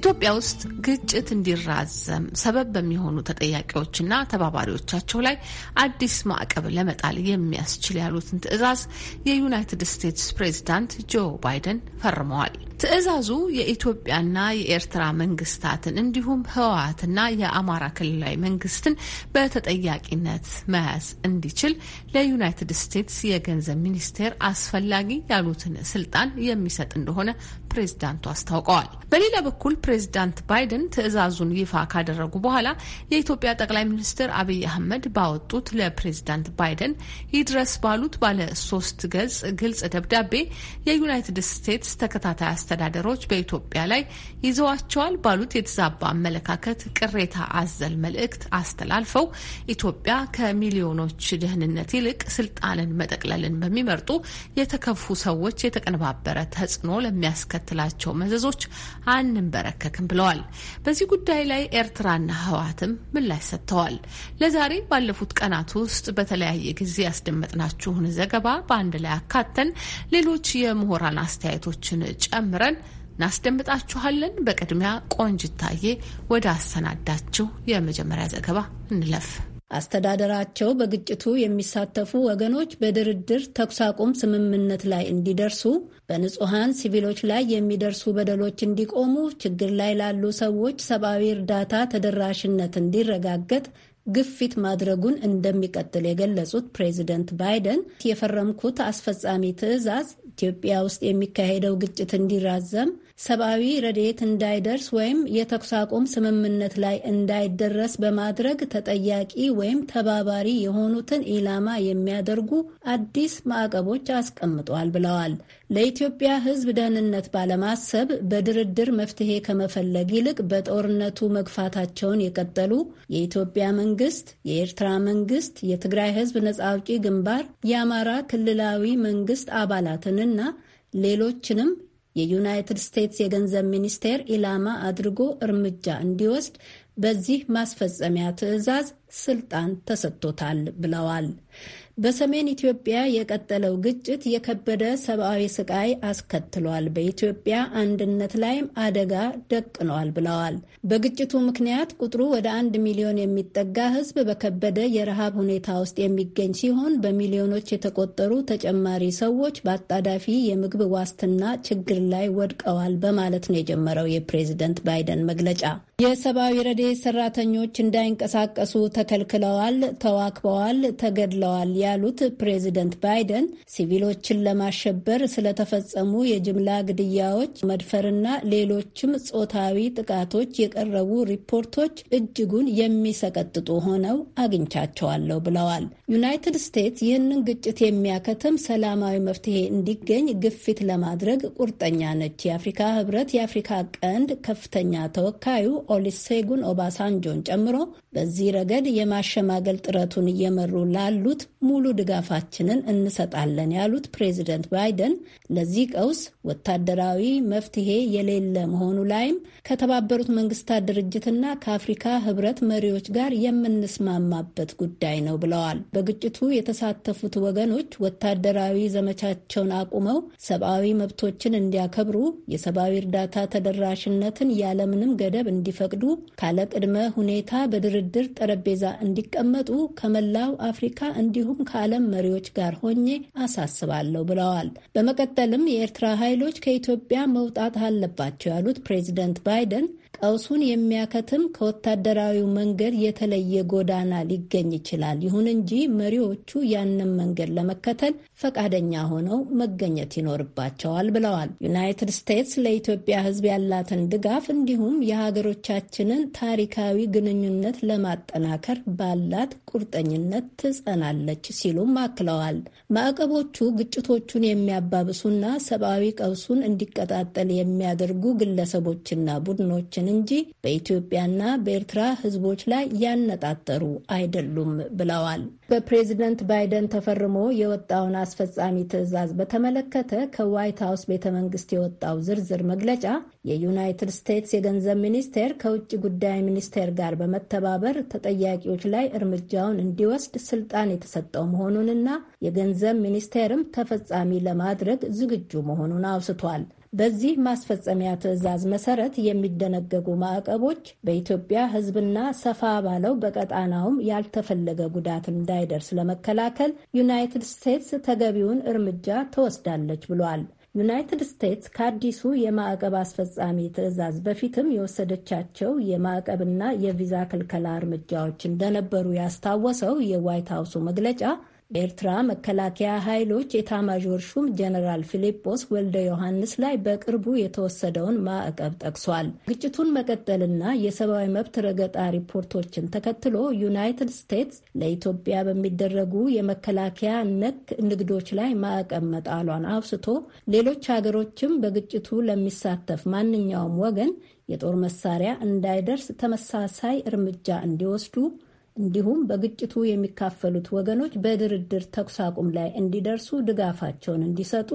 Speaker 1: ኢትዮጵያ ውስጥ ግጭት እንዲራዘም ሰበብ በሚሆኑ ተጠያቂዎችና ተባባሪዎቻቸው ላይ አዲስ ማዕቀብ ለመጣል የሚያስችል ያሉትን ትዕዛዝ የዩናይትድ ስቴትስ ፕሬዚዳንት ጆ ባይደን ፈርመዋል። ትዕዛዙ የኢትዮጵያና የኤርትራ መንግስታትን እንዲሁም ህወሓትና የአማራ ክልላዊ መንግስትን በተጠያቂነት መያዝ እንዲችል ለዩናይትድ ስቴትስ የገንዘብ ሚኒስቴር አስፈላጊ ያሉትን ስልጣን የሚሰጥ እንደሆነ ፕሬዝዳንቱ አስታውቀዋል። በሌላ በኩል ፕሬዝዳንት ባይደን ትዕዛዙን ይፋ ካደረጉ በኋላ የኢትዮጵያ ጠቅላይ ሚኒስትር አብይ አህመድ ባወጡት ለፕሬዝዳንት ባይደን ይድረስ ባሉት ባለ ሶስት ገጽ ግልጽ ደብዳቤ የዩናይትድ ስቴትስ ተከታታይ አስተዳደሮች በኢትዮጵያ ላይ ይዘዋቸዋል ባሉት የተዛባ አመለካከት ቅሬታ አዘል መልእክት አስተላልፈው ኢትዮጵያ ከሚሊዮኖች ደህንነት ይልቅ ስልጣንን መጠቅለልን በሚመርጡ የተከፉ ሰዎች የተቀነባበረ ተጽዕኖ ለሚያስከትላቸው መዘዞች አንንበረከክም ብለዋል። በዚህ ጉዳይ ላይ ኤርትራና ህወሓትም ምላሽ ሰጥተዋል። ለዛሬ ባለፉት ቀናት ውስጥ በተለያየ ጊዜ ያስደመጥናችሁን ዘገባ በአንድ ላይ አካተን ሌሎች የምሁራን አስተያየቶችን ጨምረ ጨምረን እናስደምጣችኋለን። በቅድሚያ ቆንጅታዬ ወደ አሰናዳችው
Speaker 4: የመጀመሪያ ዘገባ እንለፍ። አስተዳደራቸው በግጭቱ የሚሳተፉ ወገኖች በድርድር ተኩስ አቁም ስምምነት ላይ እንዲደርሱ፣ በንጹሐን ሲቪሎች ላይ የሚደርሱ በደሎች እንዲቆሙ፣ ችግር ላይ ላሉ ሰዎች ሰብአዊ እርዳታ ተደራሽነት እንዲረጋገጥ ግፊት ማድረጉን እንደሚቀጥል የገለጹት ፕሬዚደንት ባይደን የፈረምኩት አስፈጻሚ ትዕዛዝ ኢትዮጵያ ውስጥ የሚካሄደው ግጭት እንዲራዘም ሰብአዊ ረድኤት እንዳይደርስ ወይም የተኩስ አቁም ስምምነት ላይ እንዳይደረስ በማድረግ ተጠያቂ ወይም ተባባሪ የሆኑትን ኢላማ የሚያደርጉ አዲስ ማዕቀቦች አስቀምጧል ብለዋል። ለኢትዮጵያ ሕዝብ ደህንነት ባለማሰብ በድርድር መፍትሄ ከመፈለግ ይልቅ በጦርነቱ መግፋታቸውን የቀጠሉ የኢትዮጵያ መንግስት፣ የኤርትራ መንግስት፣ የትግራይ ሕዝብ ነጻ አውጪ ግንባር፣ የአማራ ክልላዊ መንግስት አባላትንና ሌሎችንም የዩናይትድ ስቴትስ የገንዘብ ሚኒስቴር ኢላማ አድርጎ እርምጃ እንዲወስድ በዚህ ማስፈጸሚያ ትዕዛዝ ስልጣን ተሰጥቶታል ብለዋል። በሰሜን ኢትዮጵያ የቀጠለው ግጭት የከበደ ሰብአዊ ስቃይ አስከትሏል፣ በኢትዮጵያ አንድነት ላይም አደጋ ደቅኗል ብለዋል። በግጭቱ ምክንያት ቁጥሩ ወደ አንድ ሚሊዮን የሚጠጋ ሕዝብ በከበደ የረሃብ ሁኔታ ውስጥ የሚገኝ ሲሆን በሚሊዮኖች የተቆጠሩ ተጨማሪ ሰዎች በአጣዳፊ የምግብ ዋስትና ችግር ላይ ወድቀዋል በማለት ነው የጀመረው የፕሬዝደንት ባይደን መግለጫ። የሰብአዊ ረዴ ሰራተኞች እንዳይንቀሳቀሱ ተከልክለዋል፣ ተዋክበዋል፣ ተገድለዋል ያሉት ፕሬዚደንት ባይደን ሲቪሎችን ለማሸበር ስለተፈጸሙ የጅምላ ግድያዎች፣ መድፈርና ሌሎችም ጾታዊ ጥቃቶች የቀረቡ ሪፖርቶች እጅጉን የሚሰቀጥጡ ሆነው አግኝቻቸዋለሁ ብለዋል። ዩናይትድ ስቴትስ ይህንን ግጭት የሚያከትም ሰላማዊ መፍትሄ እንዲገኝ ግፊት ለማድረግ ቁርጠኛ ነች። የአፍሪካ ህብረት የአፍሪካ ቀንድ ከፍተኛ ተወካዩ ኦሊሴጉን ኦባሳንጆን ጨምሮ በዚህ ረገድ የማሸማገል ጥረቱን እየመሩ ላሉት ሙሉ ድጋፋችንን እንሰጣለን ያሉት ፕሬዚደንት ባይደን ለዚህ ቀውስ ወታደራዊ መፍትሄ የሌለ መሆኑ ላይም ከተባበሩት መንግስታት ድርጅትና ከአፍሪካ ህብረት መሪዎች ጋር የምንስማማበት ጉዳይ ነው ብለዋል። በግጭቱ የተሳተፉት ወገኖች ወታደራዊ ዘመቻቸውን አቁመው ሰብአዊ መብቶችን እንዲያከብሩ፣ የሰብአዊ እርዳታ ተደራሽነትን ያለምንም ገደብ እንዲ እንዲፈቅዱ ካለ ቅድመ ሁኔታ በድርድር ጠረጴዛ እንዲቀመጡ ከመላው አፍሪካ እንዲሁም ከዓለም መሪዎች ጋር ሆኜ አሳስባለሁ ብለዋል። በመቀጠልም የኤርትራ ኃይሎች ከኢትዮጵያ መውጣት አለባቸው ያሉት ፕሬዚደንት ባይደን ቀውሱን የሚያከትም ከወታደራዊው መንገድ የተለየ ጎዳና ሊገኝ ይችላል። ይሁን እንጂ መሪዎቹ ያንን መንገድ ለመከተል ፈቃደኛ ሆነው መገኘት ይኖርባቸዋል ብለዋል። ዩናይትድ ስቴትስ ለኢትዮጵያ ሕዝብ ያላትን ድጋፍ እንዲሁም የሀገሮቻችንን ታሪካዊ ግንኙነት ለማጠናከር ባላት ቁርጠኝነት ትጸናለች ሲሉም አክለዋል። ማዕቀቦቹ ግጭቶቹን የሚያባብሱና ሰብአዊ ቀውሱን እንዲቀጣጠል የሚያደርጉ ግለሰቦችና ቡድኖችን ኢትዮጵያውያን እንጂ በኢትዮጵያና በኤርትራ ህዝቦች ላይ ያነጣጠሩ አይደሉም ብለዋል። በፕሬዚደንት ባይደን ተፈርሞ የወጣውን አስፈጻሚ ትዕዛዝ በተመለከተ ከዋይት ሀውስ ቤተ መንግስት የወጣው ዝርዝር መግለጫ የዩናይትድ ስቴትስ የገንዘብ ሚኒስቴር ከውጭ ጉዳይ ሚኒስቴር ጋር በመተባበር ተጠያቂዎች ላይ እርምጃውን እንዲወስድ ስልጣን የተሰጠው መሆኑንና የገንዘብ ሚኒስቴርም ተፈጻሚ ለማድረግ ዝግጁ መሆኑን አውስቷል። በዚህ ማስፈጸሚያ ትዕዛዝ መሰረት የሚደነገጉ ማዕቀቦች በኢትዮጵያ ሕዝብና ሰፋ ባለው በቀጣናውም ያልተፈለገ ጉዳት እንዳይደርስ ለመከላከል ዩናይትድ ስቴትስ ተገቢውን እርምጃ ትወስዳለች ብሏል። ዩናይትድ ስቴትስ ከአዲሱ የማዕቀብ አስፈጻሚ ትዕዛዝ በፊትም የወሰደቻቸው የማዕቀብና የቪዛ ክልከላ እርምጃዎች እንደነበሩ ያስታወሰው የዋይት ሀውሱ መግለጫ በኤርትራ መከላከያ ኃይሎች የታማዦር ሹም ጀነራል ፊሊጶስ ወልደ ዮሐንስ ላይ በቅርቡ የተወሰደውን ማዕቀብ ጠቅሷል። ግጭቱን መቀጠልና የሰብአዊ መብት ረገጣ ሪፖርቶችን ተከትሎ ዩናይትድ ስቴትስ ለኢትዮጵያ በሚደረጉ የመከላከያ ነክ ንግዶች ላይ ማዕቀብ መጣሏን አውስቶ ሌሎች ሀገሮችም በግጭቱ ለሚሳተፍ ማንኛውም ወገን የጦር መሳሪያ እንዳይደርስ ተመሳሳይ እርምጃ እንዲወስዱ እንዲሁም በግጭቱ የሚካፈሉት ወገኖች በድርድር ተኩስ አቁም ላይ እንዲደርሱ ድጋፋቸውን እንዲሰጡ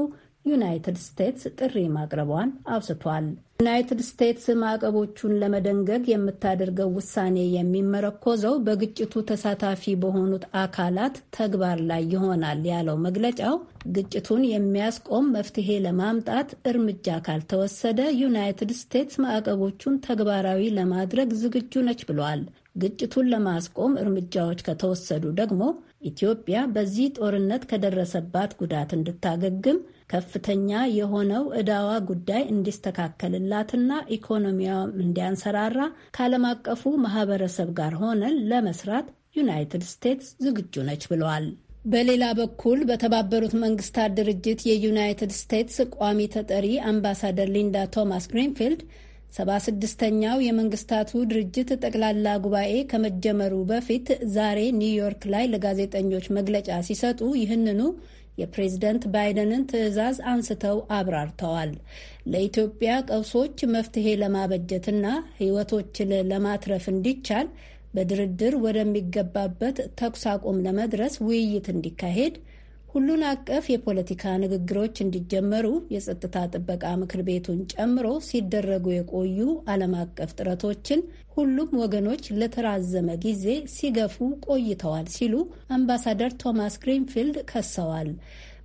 Speaker 4: ዩናይትድ ስቴትስ ጥሪ ማቅረቧን አውስቷል። ዩናይትድ ስቴትስ ማዕቀቦቹን ለመደንገግ የምታደርገው ውሳኔ የሚመረኮዘው በግጭቱ ተሳታፊ በሆኑት አካላት ተግባር ላይ ይሆናል ያለው መግለጫው፣ ግጭቱን የሚያስቆም መፍትሄ ለማምጣት እርምጃ ካልተወሰደ ዩናይትድ ስቴትስ ማዕቀቦቹን ተግባራዊ ለማድረግ ዝግጁ ነች ብሏል። ግጭቱን ለማስቆም እርምጃዎች ከተወሰዱ ደግሞ ኢትዮጵያ በዚህ ጦርነት ከደረሰባት ጉዳት እንድታገግም ከፍተኛ የሆነው ዕዳዋ ጉዳይ እንዲስተካከልላትና ኢኮኖሚያውም እንዲያንሰራራ ከዓለም አቀፉ ማህበረሰብ ጋር ሆነን ለመስራት ዩናይትድ ስቴትስ ዝግጁ ነች ብለዋል። በሌላ በኩል በተባበሩት መንግስታት ድርጅት የዩናይትድ ስቴትስ ቋሚ ተጠሪ አምባሳደር ሊንዳ ቶማስ ግሪንፊልድ ሰባ ስድስተኛው የመንግስታቱ ድርጅት ጠቅላላ ጉባኤ ከመጀመሩ በፊት ዛሬ ኒውዮርክ ላይ ለጋዜጠኞች መግለጫ ሲሰጡ ይህንኑ የፕሬዝደንት ባይደንን ትዕዛዝ አንስተው አብራርተዋል። ለኢትዮጵያ ቀውሶች መፍትሄ ለማበጀትና ሕይወቶችን ለማትረፍ እንዲቻል በድርድር ወደሚገባበት ተኩስ አቁም ለመድረስ ውይይት እንዲካሄድ ሁሉን አቀፍ የፖለቲካ ንግግሮች እንዲጀመሩ የጸጥታ ጥበቃ ምክር ቤቱን ጨምሮ ሲደረጉ የቆዩ ዓለም አቀፍ ጥረቶችን ሁሉም ወገኖች ለተራዘመ ጊዜ ሲገፉ ቆይተዋል ሲሉ አምባሳደር ቶማስ ግሪንፊልድ ከሰዋል።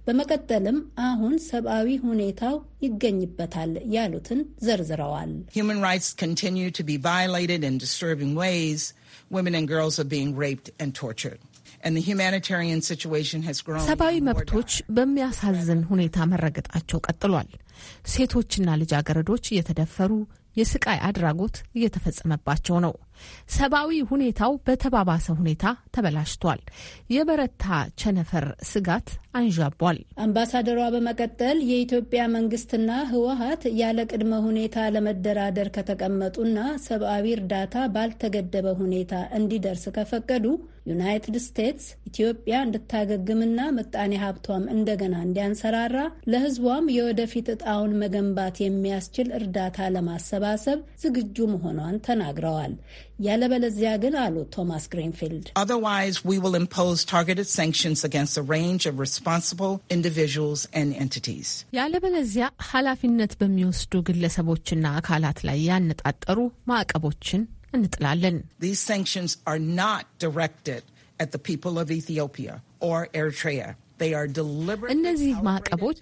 Speaker 4: በመቀጠልም አሁን ሰብአዊ ሁኔታው ይገኝበታል ያሉትን ዘርዝረዋል።
Speaker 7: ሂውማን ራይትስ ሰብአዊ
Speaker 1: መብቶች በሚያሳዝን ሁኔታ መረገጣቸው ቀጥሏል። ሴቶችና ልጃገረዶች እየተደፈሩ የስቃይ አድራጎት እየተፈጸመባቸው ነው። ሰብአዊ ሁኔታው በተባባሰ ሁኔታ ተበላሽቷል። የበረታ ቸነፈር ስጋት አንዣቧል።
Speaker 4: አምባሳደሯ በመቀጠል የኢትዮጵያ መንግስትና ህወሀት ያለ ቅድመ ሁኔታ ለመደራደር ከተቀመጡና ሰብአዊ እርዳታ ባልተገደበ ሁኔታ እንዲደርስ ከፈቀዱ ዩናይትድ ስቴትስ ኢትዮጵያ እንድታገግምና ምጣኔ ሀብቷም እንደገና እንዲያንሰራራ ለህዝቧም የወደፊት እጣውን መገንባት የሚያስችል እርዳታ ለማሰባሰብ ዝግጁ መሆኗን ተናግረዋል። ያለበለዚያ ግን አሉ ቶማስ ግሪንፊልድ
Speaker 1: ያለበለዚያ ኃላፊነት በሚወስዱ ግለሰቦችና አካላት ላይ ያነጣጠሩ ማዕቀቦችን እንጥላለን። These sanctions
Speaker 7: are not directed at the people of Ethiopia or Eritrea.
Speaker 1: እነዚህ ማዕቀቦች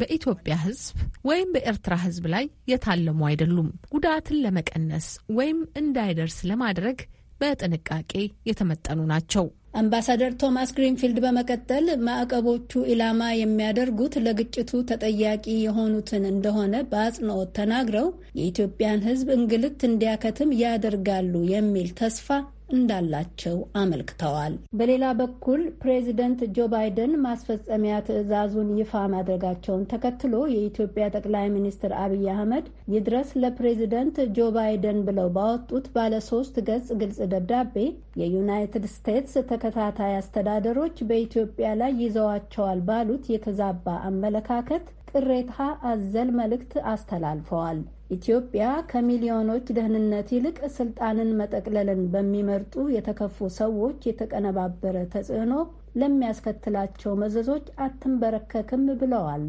Speaker 1: በኢትዮጵያ ሕዝብ ወይም በኤርትራ ሕዝብ ላይ
Speaker 4: የታለሙ አይደሉም። ጉዳትን ለመቀነስ ወይም እንዳይደርስ ለማድረግ በጥንቃቄ የተመጠኑ ናቸው። አምባሳደር ቶማስ ግሪንፊልድ በመቀጠል ማዕቀቦቹ ኢላማ የሚያደርጉት ለግጭቱ ተጠያቂ የሆኑትን እንደሆነ በአጽንኦት ተናግረው የኢትዮጵያን ህዝብ እንግልት እንዲያከትም ያደርጋሉ የሚል ተስፋ እንዳላቸው አመልክተዋል። በሌላ በኩል ፕሬዚደንት ጆ ባይደን ማስፈጸሚያ ትዕዛዙን ይፋ ማድረጋቸውን ተከትሎ የኢትዮጵያ ጠቅላይ ሚኒስትር አብይ አህመድ ይድረስ ለፕሬዚደንት ጆ ባይደን ብለው ባወጡት ባለ ሶስት ገጽ ግልጽ ደብዳቤ የዩናይትድ ስቴትስ ተከታታይ አስተዳደሮች በኢትዮጵያ ላይ ይዘዋቸዋል ባሉት የተዛባ አመለካከት ቅሬታ አዘል መልእክት አስተላልፈዋል። ኢትዮጵያ ከሚሊዮኖች ደህንነት ይልቅ ስልጣንን መጠቅለልን በሚመርጡ የተከፉ ሰዎች የተቀነባበረ ተጽዕኖ ለሚያስከትላቸው መዘዞች አትንበረከክም ብለዋል።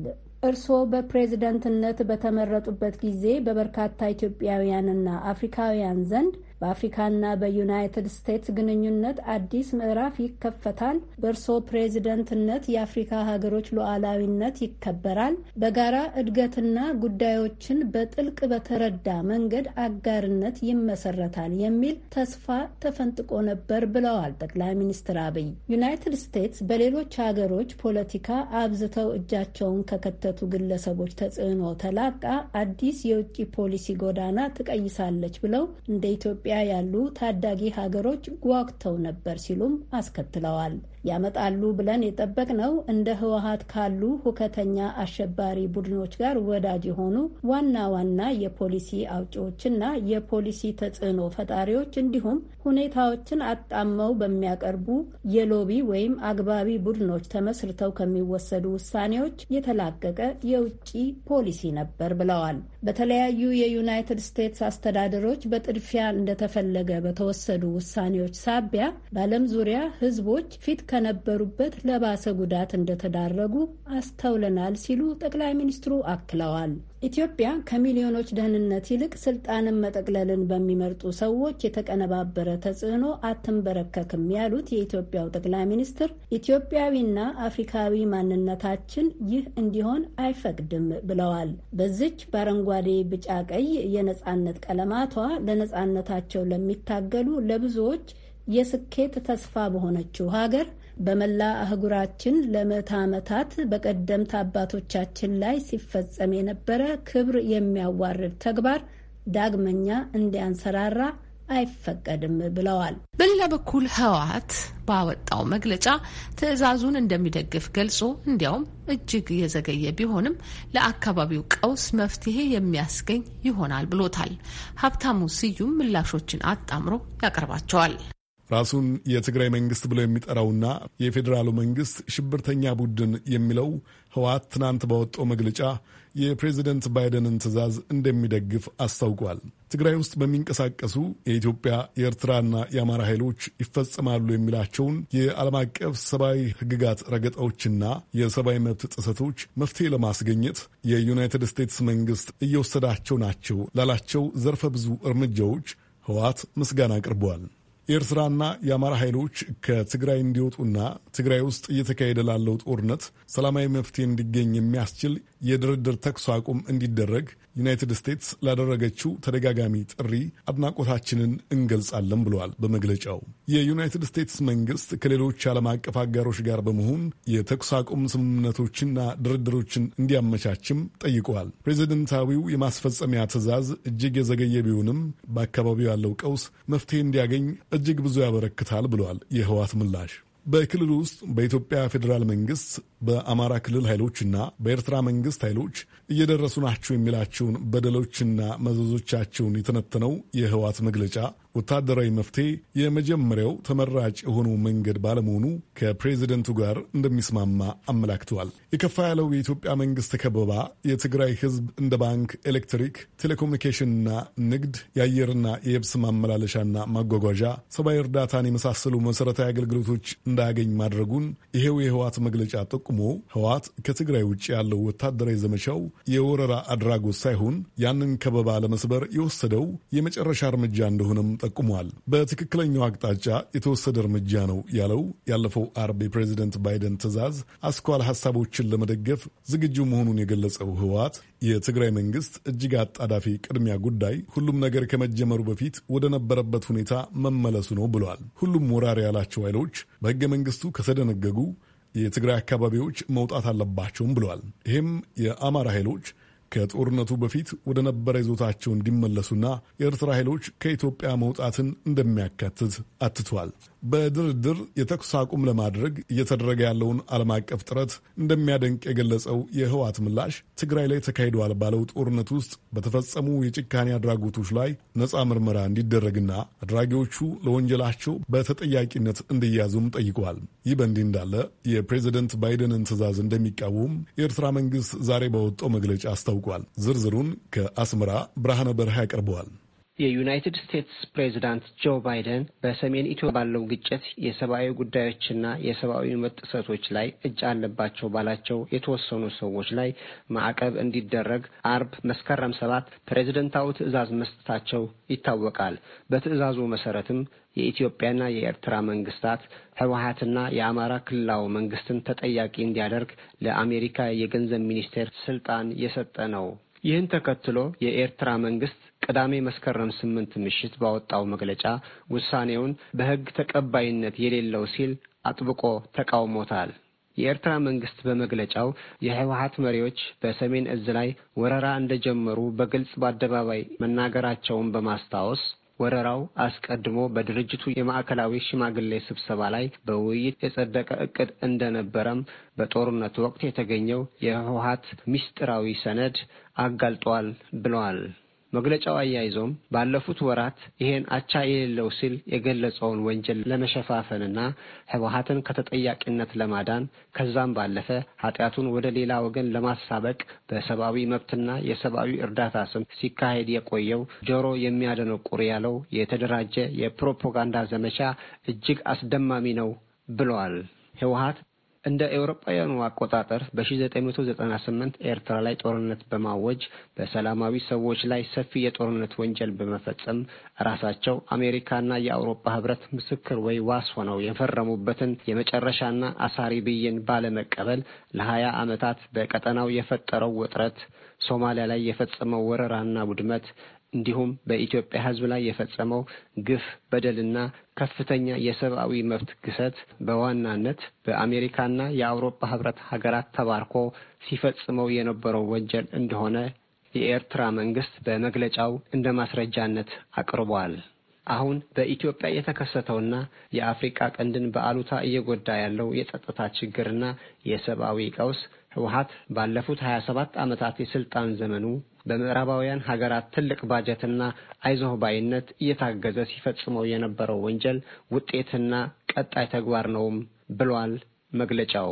Speaker 4: እርስዎ በፕሬዝደንትነት በተመረጡበት ጊዜ በበርካታ ኢትዮጵያውያንና አፍሪካውያን ዘንድ በአፍሪካና በዩናይትድ ስቴትስ ግንኙነት አዲስ ምዕራፍ ይከፈታል። በእርሶ ፕሬዚደንትነት የአፍሪካ ሀገሮች ሉዓላዊነት ይከበራል። በጋራ እድገትና ጉዳዮችን በጥልቅ በተረዳ መንገድ አጋርነት ይመሰረታል የሚል ተስፋ ተፈንጥቆ ነበር ብለዋል ጠቅላይ ሚኒስትር አብይ። ዩናይትድ ስቴትስ በሌሎች ሀገሮች ፖለቲካ አብዝተው እጃቸውን ከከተቱ ግለሰቦች ተጽዕኖ ተላቃ አዲስ የውጭ ፖሊሲ ጎዳና ትቀይሳለች ብለው እንደ ኢትዮጵያ ኢትዮጵያ ያሉ ታዳጊ ሀገሮች ጓግተው ነበር ሲሉም አስከትለዋል። ያመጣሉ ብለን የጠበቅነው እንደ ህወሀት ካሉ ሁከተኛ አሸባሪ ቡድኖች ጋር ወዳጅ የሆኑ ዋና ዋና የፖሊሲ አውጪዎችና የፖሊሲ ተጽዕኖ ፈጣሪዎች እንዲሁም ሁኔታዎችን አጣመው በሚያቀርቡ የሎቢ ወይም አግባቢ ቡድኖች ተመስርተው ከሚወሰዱ ውሳኔዎች የተላቀቀ የውጭ ፖሊሲ ነበር ብለዋል። በተለያዩ የዩናይትድ ስቴትስ አስተዳደሮች በጥድፊያ እንደተፈለገ በተወሰዱ ውሳኔዎች ሳቢያ በዓለም ዙሪያ ህዝቦች ፊት ከነበሩበት ለባሰ ጉዳት እንደተዳረጉ አስተውለናል ሲሉ ጠቅላይ ሚኒስትሩ አክለዋል። ኢትዮጵያ ከሚሊዮኖች ደህንነት ይልቅ ስልጣንን መጠቅለልን በሚመርጡ ሰዎች የተቀነባበረ ተጽዕኖ አትንበረከክም ያሉት የኢትዮጵያው ጠቅላይ ሚኒስትር ኢትዮጵያዊና አፍሪካዊ ማንነታችን ይህ እንዲሆን አይፈቅድም ብለዋል። በዚች በአረንጓዴ ቢጫ፣ ቀይ የነጻነት ቀለማቷ ለነጻነታቸው ለሚታገሉ ለብዙዎች የስኬት ተስፋ በሆነችው ሀገር በመላ አህጉራችን ለምዕተ ዓመታት በቀደምት አባቶቻችን ላይ ሲፈጸም የነበረ ክብር የሚያዋርድ ተግባር ዳግመኛ እንዲያንሰራራ አይፈቀድም ብለዋል። በሌላ በኩል ህወሓት ባወጣው መግለጫ ትዕዛዙን እንደሚደግፍ ገልጾ
Speaker 1: እንዲያውም እጅግ የዘገየ ቢሆንም ለአካባቢው ቀውስ መፍትሄ የሚያስገኝ ይሆናል ብሎታል። ሀብታሙ ስዩም ምላሾችን አጣምሮ ያቀርባቸዋል።
Speaker 5: ራሱን የትግራይ መንግስት ብሎ የሚጠራውና የፌዴራሉ መንግስት ሽብርተኛ ቡድን የሚለው ህወሓት ትናንት ባወጣው መግለጫ የፕሬዚደንት ባይደንን ትዕዛዝ እንደሚደግፍ አስታውቋል። ትግራይ ውስጥ በሚንቀሳቀሱ የኢትዮጵያ የኤርትራና የአማራ ኃይሎች ይፈጸማሉ የሚላቸውን የዓለም አቀፍ ሰብአዊ ህግጋት ረገጣዎችና የሰብአዊ መብት ጥሰቶች መፍትሄ ለማስገኘት የዩናይትድ ስቴትስ መንግስት እየወሰዳቸው ናቸው ላላቸው ዘርፈ ብዙ እርምጃዎች ህወሓት ምስጋና አቅርበዋል። የኤርትራና የአማራ ኃይሎች ከትግራይ እንዲወጡና ትግራይ ውስጥ እየተካሄደ ላለው ጦርነት ሰላማዊ መፍትሄ እንዲገኝ የሚያስችል የድርድር ተኩስ አቁም እንዲደረግ ዩናይትድ ስቴትስ ላደረገችው ተደጋጋሚ ጥሪ አድናቆታችንን እንገልጻለን ብለዋል በመግለጫው። የዩናይትድ ስቴትስ መንግስት ከሌሎች ዓለም አቀፍ አጋሮች ጋር በመሆን የተኩስ አቁም ስምምነቶችና ድርድሮችን እንዲያመቻችም ጠይቀዋል። ፕሬዚደንታዊው የማስፈጸሚያ ትዕዛዝ እጅግ የዘገየ ቢሆንም በአካባቢው ያለው ቀውስ መፍትሄ እንዲያገኝ እጅግ ብዙ ያበረክታል ብለዋል የህዋት ምላሽ። በክልሉ ውስጥ በኢትዮጵያ ፌዴራል መንግስት በአማራ ክልል ኃይሎችና በኤርትራ መንግስት ኃይሎች እየደረሱ ናቸው የሚላቸውን በደሎችና መዘዞቻቸውን የተነተነው የህዋት መግለጫ ወታደራዊ መፍትሄ የመጀመሪያው ተመራጭ የሆነው መንገድ ባለመሆኑ ከፕሬዚደንቱ ጋር እንደሚስማማ አመላክተዋል። የከፋ ያለው የኢትዮጵያ መንግስት ከበባ የትግራይ ህዝብ እንደ ባንክ፣ ኤሌክትሪክ፣ ቴሌኮሙኒኬሽንና ንግድ፣ የአየርና የየብስ ማመላለሻና ማጓጓዣ፣ ሰብአዊ እርዳታን የመሳሰሉ መሠረታዊ አገልግሎቶች እንዳያገኝ ማድረጉን ይሄው የህዋት መግለጫ ጠቁሟል። ተጠቅሞ ህወሓት ከትግራይ ውጭ ያለው ወታደራዊ ዘመቻው የወረራ አድራጎት ሳይሆን ያንን ከበባ ለመስበር የወሰደው የመጨረሻ እርምጃ እንደሆነም ጠቁሟል። በትክክለኛው አቅጣጫ የተወሰደ እርምጃ ነው ያለው ያለፈው አርብ የፕሬዚደንት ባይደን ትዕዛዝ አስኳል ሀሳቦችን ለመደገፍ ዝግጁ መሆኑን የገለጸው ህወሓት የትግራይ መንግስት እጅግ አጣዳፊ ቅድሚያ ጉዳይ ሁሉም ነገር ከመጀመሩ በፊት ወደ ነበረበት ሁኔታ መመለሱ ነው ብሏል። ሁሉም ወራሪ ያላቸው ኃይሎች በህገ መንግስቱ ከተደነገጉ የትግራይ አካባቢዎች መውጣት አለባቸውም ብለዋል። ይህም የአማራ ኃይሎች ከጦርነቱ በፊት ወደ ነበረ ይዞታቸው እንዲመለሱና የኤርትራ ኃይሎች ከኢትዮጵያ መውጣትን እንደሚያካትት አትቷል። በድርድር የተኩስ አቁም ለማድረግ እየተደረገ ያለውን ዓለም አቀፍ ጥረት እንደሚያደንቅ የገለጸው የህዋት ምላሽ ትግራይ ላይ ተካሂደዋል ባለው ጦርነት ውስጥ በተፈጸሙ የጭካኔ አድራጎቶች ላይ ነፃ ምርመራ እንዲደረግና አድራጊዎቹ ለወንጀላቸው በተጠያቂነት እንዲያዙም ጠይቀዋል። ይህ በእንዲህ እንዳለ የፕሬዚደንት ባይደንን ትዕዛዝ እንደሚቃወም የኤርትራ መንግስት ዛሬ በወጣው መግለጫ አስታውቋል። ዝርዝሩን ከአስመራ ብርሃነ በርሃ ያቀርበዋል።
Speaker 8: የዩናይትድ ስቴትስ ፕሬዝዳንት ጆ ባይደን በሰሜን ኢትዮጵያ ባለው ግጭት የሰብአዊ ጉዳዮችና የሰብአዊ መብት ጥሰቶች ላይ እጅ አለባቸው ባላቸው የተወሰኑ ሰዎች ላይ ማዕቀብ እንዲደረግ አርብ መስከረም ሰባት ፕሬዝደንታዊ ትዕዛዝ መስጠታቸው ይታወቃል። በትዕዛዙ መሰረትም የኢትዮጵያና የኤርትራ መንግስታት ህወሀትና የአማራ ክልላዊ መንግስትን ተጠያቂ እንዲያደርግ ለአሜሪካ የገንዘብ ሚኒስቴር ስልጣን የሰጠ ነው። ይህን ተከትሎ የኤርትራ መንግስት ቅዳሜ መስከረም ስምንት ምሽት ባወጣው መግለጫ ውሳኔውን በሕግ ተቀባይነት የሌለው ሲል አጥብቆ ተቃውሞታል። የኤርትራ መንግስት በመግለጫው የህወሀት መሪዎች በሰሜን እዝ ላይ ወረራ እንደጀመሩ በግልጽ በአደባባይ መናገራቸውን በማስታወስ ወረራው አስቀድሞ በድርጅቱ የማዕከላዊ ሽማግሌ ስብሰባ ላይ በውይይት የጸደቀ እቅድ እንደነበረም በጦርነቱ ወቅት የተገኘው የህወሀት ምስጢራዊ ሰነድ አጋልጧል ብለዋል። መግለጫው አያይዞም ባለፉት ወራት ይሄን አቻ የሌለው ሲል የገለጸውን ወንጀል ለመሸፋፈንና ህወሀትን ከተጠያቂነት ለማዳን ከዛም ባለፈ ኃጢአቱን ወደ ሌላ ወገን ለማሳበቅ በሰብአዊ መብትና የሰብአዊ እርዳታ ስም ሲካሄድ የቆየው ጆሮ የሚያደነቁር ያለው የተደራጀ የፕሮፓጋንዳ ዘመቻ እጅግ አስደማሚ ነው ብለዋል። ህወሀት እንደ ኤውሮጳውያኑ አቆጣጠር በ1998 ኤርትራ ላይ ጦርነት በማወጅ በሰላማዊ ሰዎች ላይ ሰፊ የጦርነት ወንጀል በመፈጸም ራሳቸው አሜሪካና የአውሮፓ ህብረት ምስክር ወይ ዋስ ሆነው የፈረሙበትን የመጨረሻና አሳሪ ብይን ባለመቀበል ለሀያ ዓመታት በቀጠናው የፈጠረው ውጥረት፣ ሶማሊያ ላይ የፈጸመው ወረራና ውድመት እንዲሁም በኢትዮጵያ ሕዝብ ላይ የፈጸመው ግፍ በደልና ከፍተኛ የሰብአዊ መብት ግሰት በዋናነት በአሜሪካና የአውሮፓ ህብረት ሀገራት ተባርኮ ሲፈጽመው የነበረው ወንጀል እንደሆነ የኤርትራ መንግስት በመግለጫው እንደ ማስረጃነት አቅርቧል። አሁን በኢትዮጵያ የተከሰተውና የአፍሪቃ ቀንድን በአሉታ እየጎዳ ያለው የጸጥታ ችግርና የሰብአዊ ቀውስ ህወሀት ባለፉት 27 ዓመታት የስልጣን ዘመኑ በምዕራባውያን ሀገራት ትልቅ ባጀትና አይዞህ ባይነት እየታገዘ ሲፈጽመው የነበረው ወንጀል ውጤትና ቀጣይ ተግባር ነውም ብሏል መግለጫው።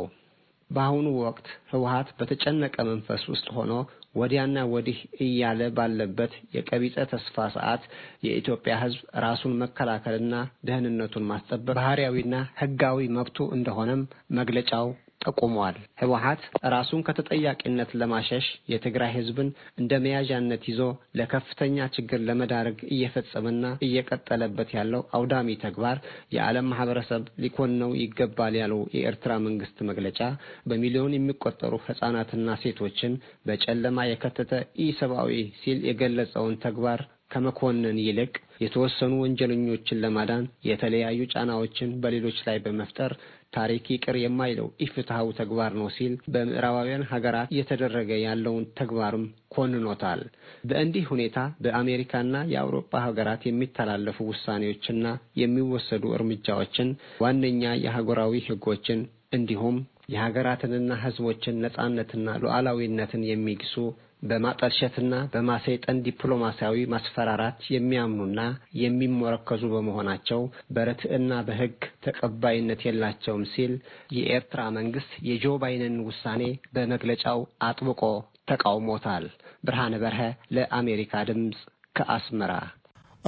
Speaker 8: በአሁኑ ወቅት ህወሀት በተጨነቀ መንፈስ ውስጥ ሆኖ ወዲያና ወዲህ እያለ ባለበት የቀቢጸ ተስፋ ሰዓት የኢትዮጵያ ህዝብ ራሱን መከላከልና ደህንነቱን ማስጠበቅ ባህርያዊና ህጋዊ መብቱ እንደሆነም መግለጫው ጠቁመዋል። ህወሀት ራሱን ከተጠያቂነት ለማሸሽ የትግራይ ህዝብን እንደ መያዣነት ይዞ ለከፍተኛ ችግር ለመዳረግ እየፈጸመና እየቀጠለበት ያለው አውዳሚ ተግባር የዓለም ማህበረሰብ ሊኮንነው ይገባል ያለው የኤርትራ መንግስት መግለጫ በሚሊዮን የሚቆጠሩ ህጻናትና ሴቶችን በጨለማ የከተተ ኢሰብአዊ ሲል የገለጸውን ተግባር ከመኮንን ይልቅ የተወሰኑ ወንጀለኞችን ለማዳን የተለያዩ ጫናዎችን በሌሎች ላይ በመፍጠር ታሪክ ይቅር የማይለው ኢፍትሐዊ ተግባር ነው ሲል በምዕራባውያን ሀገራት እየተደረገ ያለውን ተግባርም ኮንኖታል። በእንዲህ ሁኔታ በአሜሪካና የአውሮፓ ሀገራት የሚተላለፉ ውሳኔዎችና የሚወሰዱ እርምጃዎችን ዋነኛ የሀገራዊ ሕጎችን እንዲሁም የሀገራትንና ሕዝቦችን ነጻነትና ሉዓላዊነትን የሚግሱ በማጠልሸትና በማሰይጠን ዲፕሎማሲያዊ ማስፈራራት የሚያምኑና የሚሞረከዙ በመሆናቸው በርትዕና በሕግ ተቀባይነት የላቸውም ሲል የኤርትራ መንግስት የጆ ባይደንን ውሳኔ በመግለጫው አጥብቆ ተቃውሞታል። ብርሃነ በርሀ ለአሜሪካ
Speaker 5: ድምፅ ከአስመራ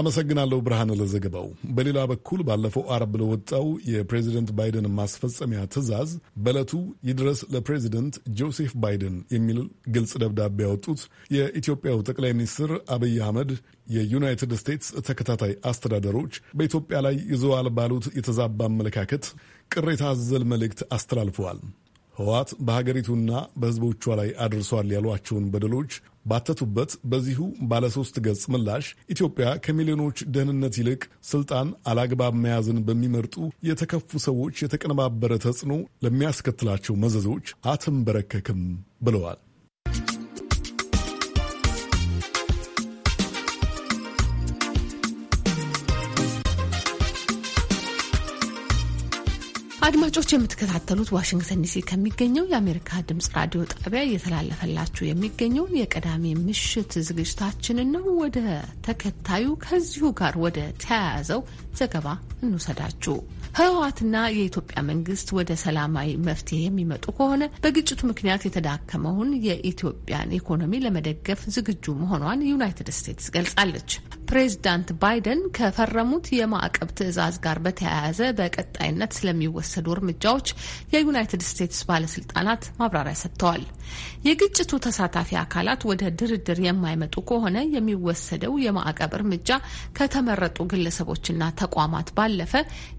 Speaker 5: አመሰግናለሁ ብርሃን ለዘገባው። በሌላ በኩል ባለፈው አርብ ለወጣው የፕሬዚደንት ባይደን ማስፈጸሚያ ትዕዛዝ በዕለቱ ይድረስ ለፕሬዚደንት ጆሴፍ ባይደን የሚል ግልጽ ደብዳቤ ያወጡት የኢትዮጵያው ጠቅላይ ሚኒስትር አብይ አህመድ የዩናይትድ ስቴትስ ተከታታይ አስተዳደሮች በኢትዮጵያ ላይ ይዘዋል ባሉት የተዛባ አመለካከት ቅሬታ አዘል መልእክት አስተላልፈዋል። ህወሓት በሀገሪቱና በህዝቦቿ ላይ አድርሷል ያሏቸውን በደሎች ባተቱበት በዚሁ ባለሶስት ገጽ ምላሽ ኢትዮጵያ ከሚሊዮኖች ደህንነት ይልቅ ስልጣን አላግባብ መያዝን በሚመርጡ የተከፉ ሰዎች የተቀነባበረ ተጽዕኖ ለሚያስከትላቸው መዘዞች አትንበረከክም ብለዋል።
Speaker 1: አድማጮች የምትከታተሉት ዋሽንግተን ዲሲ ከሚገኘው የአሜሪካ ድምጽ ራዲዮ ጣቢያ እየተላለፈላችሁ የሚገኘውን የቅዳሜ ምሽት ዝግጅታችንን ነው። ወደ ተከታዩ ከዚሁ ጋር ወደ ተያያዘው ዘገባ እንውሰዳችሁ። ህወሓትና የኢትዮጵያ መንግስት ወደ ሰላማዊ መፍትሄ የሚመጡ ከሆነ በግጭቱ ምክንያት የተዳከመውን የኢትዮጵያን ኢኮኖሚ ለመደገፍ ዝግጁ መሆኗን ዩናይትድ ስቴትስ ገልጻለች። ፕሬዚዳንት ባይደን ከፈረሙት የማዕቀብ ትዕዛዝ ጋር በተያያዘ በቀጣይነት ስለሚወሰዱ እርምጃዎች የዩናይትድ ስቴትስ ባለስልጣናት ማብራሪያ ሰጥተዋል። የግጭቱ ተሳታፊ አካላት ወደ ድርድር የማይመጡ ከሆነ የሚወሰደው የማዕቀብ እርምጃ ከተመረጡ ግለሰቦችና ተቋማት ባለፈ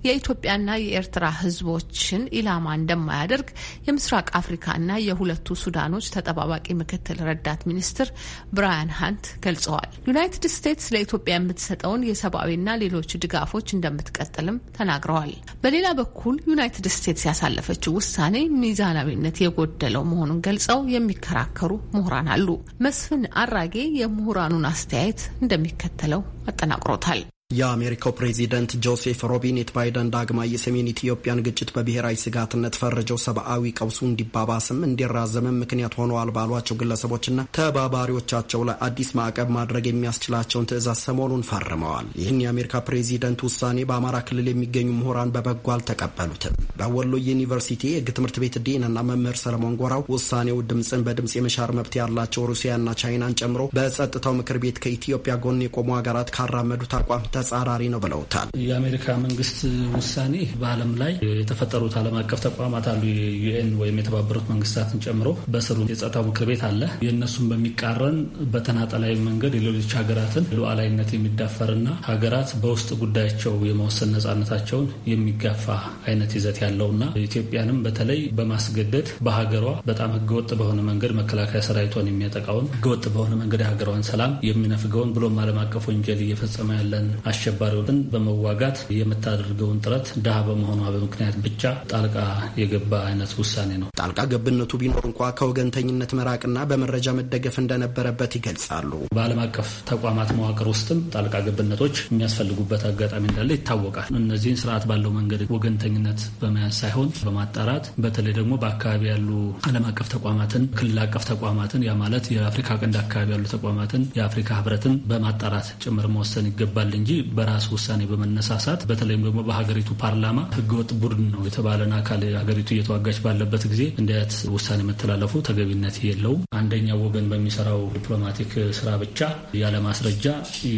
Speaker 1: የኢትዮጵያ የኢትዮጵያና የኤርትራ ህዝቦችን ኢላማ እንደማያደርግ የምስራቅ አፍሪካና የሁለቱ ሱዳኖች ተጠባባቂ ምክትል ረዳት ሚኒስትር ብራያን ሀንት ገልጸዋል። ዩናይትድ ስቴትስ ለኢትዮጵያ የምትሰጠውን የሰብአዊና ሌሎች ድጋፎች እንደምትቀጥልም ተናግረዋል። በሌላ በኩል ዩናይትድ ስቴትስ ያሳለፈችው ውሳኔ ሚዛናዊነት የጎደለው መሆኑን ገልጸው የሚከራከሩ ምሁራን አሉ። መስፍን አራጌ የምሁራኑን አስተያየት እንደሚከተለው አጠናቅሮታል።
Speaker 6: የአሜሪካው ፕሬዚደንት ጆሴፍ ሮቢኔት ባይደን ዳግማ የሰሜን ኢትዮጵያን ግጭት በብሔራዊ ስጋትነት ፈርጀው ሰብአዊ ቀውሱ እንዲባባስም እንዲራዘምም ምክንያት ሆነዋል ባሏቸው ግለሰቦችና ተባባሪዎቻቸው ላይ አዲስ ማዕቀብ ማድረግ የሚያስችላቸውን ትዕዛዝ ሰሞኑን ፈርመዋል። ይህን የአሜሪካ ፕሬዚደንት ውሳኔ በአማራ ክልል የሚገኙ ምሁራን በበጎ አልተቀበሉትም። በወሎ ዩኒቨርሲቲ የህግ ትምህርት ቤት ዲንና መምህር ሰለሞን ጎራው ውሳኔው ድምፅን በድምፅ የመሻር መብት ያላቸው ሩሲያና ቻይናን ጨምሮ በጸጥታው ምክር ቤት ከኢትዮጵያ ጎን የቆሙ ሀገራት ካራመዱት አቋም ተጻራሪ ነው ብለውታል።
Speaker 9: የአሜሪካ መንግስት ውሳኔ በዓለም ላይ የተፈጠሩት ዓለም አቀፍ ተቋማት አሉ። ዩኤን ወይም የተባበሩት መንግስታትን ጨምሮ በስሩ የጸጥታው ምክር ቤት አለ። የእነሱን በሚቃረን በተናጠላዊ መንገድ የሌሎች ሀገራትን ሉዓላዊነት የሚዳፈርና ሀገራት በውስጥ ጉዳያቸው የመወሰን ነጻነታቸውን የሚጋፋ አይነት ይዘት ያለውና ኢትዮጵያንም በተለይ በማስገደድ በሀገሯ በጣም ህገወጥ በሆነ መንገድ መከላከያ ሰራዊቷን የሚያጠቃውን ህገወጥ በሆነ መንገድ የሀገሯን ሰላም የሚነፍገውን ብሎም ዓለም አቀፍ ወንጀል እየፈጸመ ያለን አሸባሪዎችን በመዋጋት የምታደርገውን ጥረት ድሀ በመሆኗ በምክንያት ብቻ ጣልቃ የገባ አይነት ውሳኔ ነው። ጣልቃ ገብነቱ ቢኖር እንኳ ከወገንተኝነት መራቅና በመረጃ መደገፍ እንደነበረበት ይገልጻሉ። በዓለም አቀፍ ተቋማት መዋቅር ውስጥም ጣልቃ ገብነቶች የሚያስፈልጉበት አጋጣሚ እንዳለ ይታወቃል። እነዚህን ስርዓት ባለው መንገድ ወገንተኝነት በመያዝ ሳይሆን በማጣራት በተለይ ደግሞ በአካባቢ ያሉ ዓለም አቀፍ ተቋማትን፣ ክልል አቀፍ ተቋማትን ያ ማለት የአፍሪካ ቀንድ አካባቢ ያሉ ተቋማትን፣ የአፍሪካ ህብረትን በማጣራት ጭምር መወሰን ይገባል እንጂ በራስ ውሳኔ በመነሳሳት በተለይም ደግሞ በሀገሪቱ ፓርላማ ህገወጥ ቡድን ነው የተባለን አካል ሀገሪቱ እየተዋጋች ባለበት ጊዜ እንዲያት ውሳኔ መተላለፉ ተገቢነት የለውም። አንደኛው ወገን በሚሰራው ዲፕሎማቲክ ስራ ብቻ ያለማስረጃ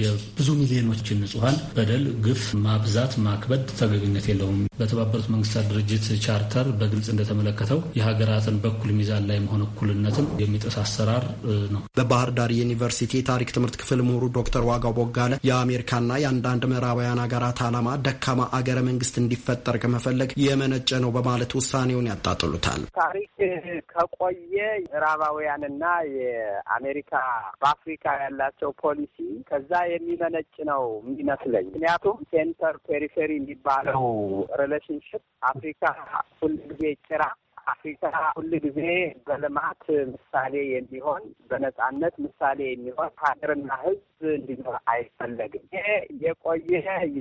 Speaker 9: የብዙ ሚሊዮኖችን ንጹሀን በደል፣ ግፍ ማብዛት፣ ማክበድ ተገቢነት የለውም። በተባበሩት መንግስታት ድርጅት ቻርተር በግልጽ እንደተመለከተው የሀገራትን በኩል ሚዛን ላይ መሆን እኩልነትን የሚጥስ አሰራር ነው።
Speaker 6: በባህር ዳር ዩኒቨርሲቲ ታሪክ ትምህርት ክፍል ምሁሩ ዶክተር ዋጋው ቦጋለ የአሜሪካና የአንዳንድ ምዕራባውያን ሀገራት ዓላማ ደካማ አገረ መንግስት እንዲፈጠር ከመፈለግ የመነጨ ነው በማለት ውሳኔውን ያጣጥሉታል።
Speaker 7: ታሪክ ከቆየ ምዕራባውያንና የአሜሪካ በአፍሪካ ያላቸው ፖሊሲ ከዛ የሚመነጭ ነው የሚመስለኝ። ምክንያቱም ሴንተር ፔሪፌሪ የሚባለው ሪሌሽንሽፕ አፍሪካ ሁል ጊዜ ጭራ አፍሪካ ሁል ጊዜ በልማት ምሳሌ የሚሆን በነጻነት ምሳሌ የሚሆን ሀገርና ህዝብ እንዲኖር አይፈለግም። ይሄ የቆየ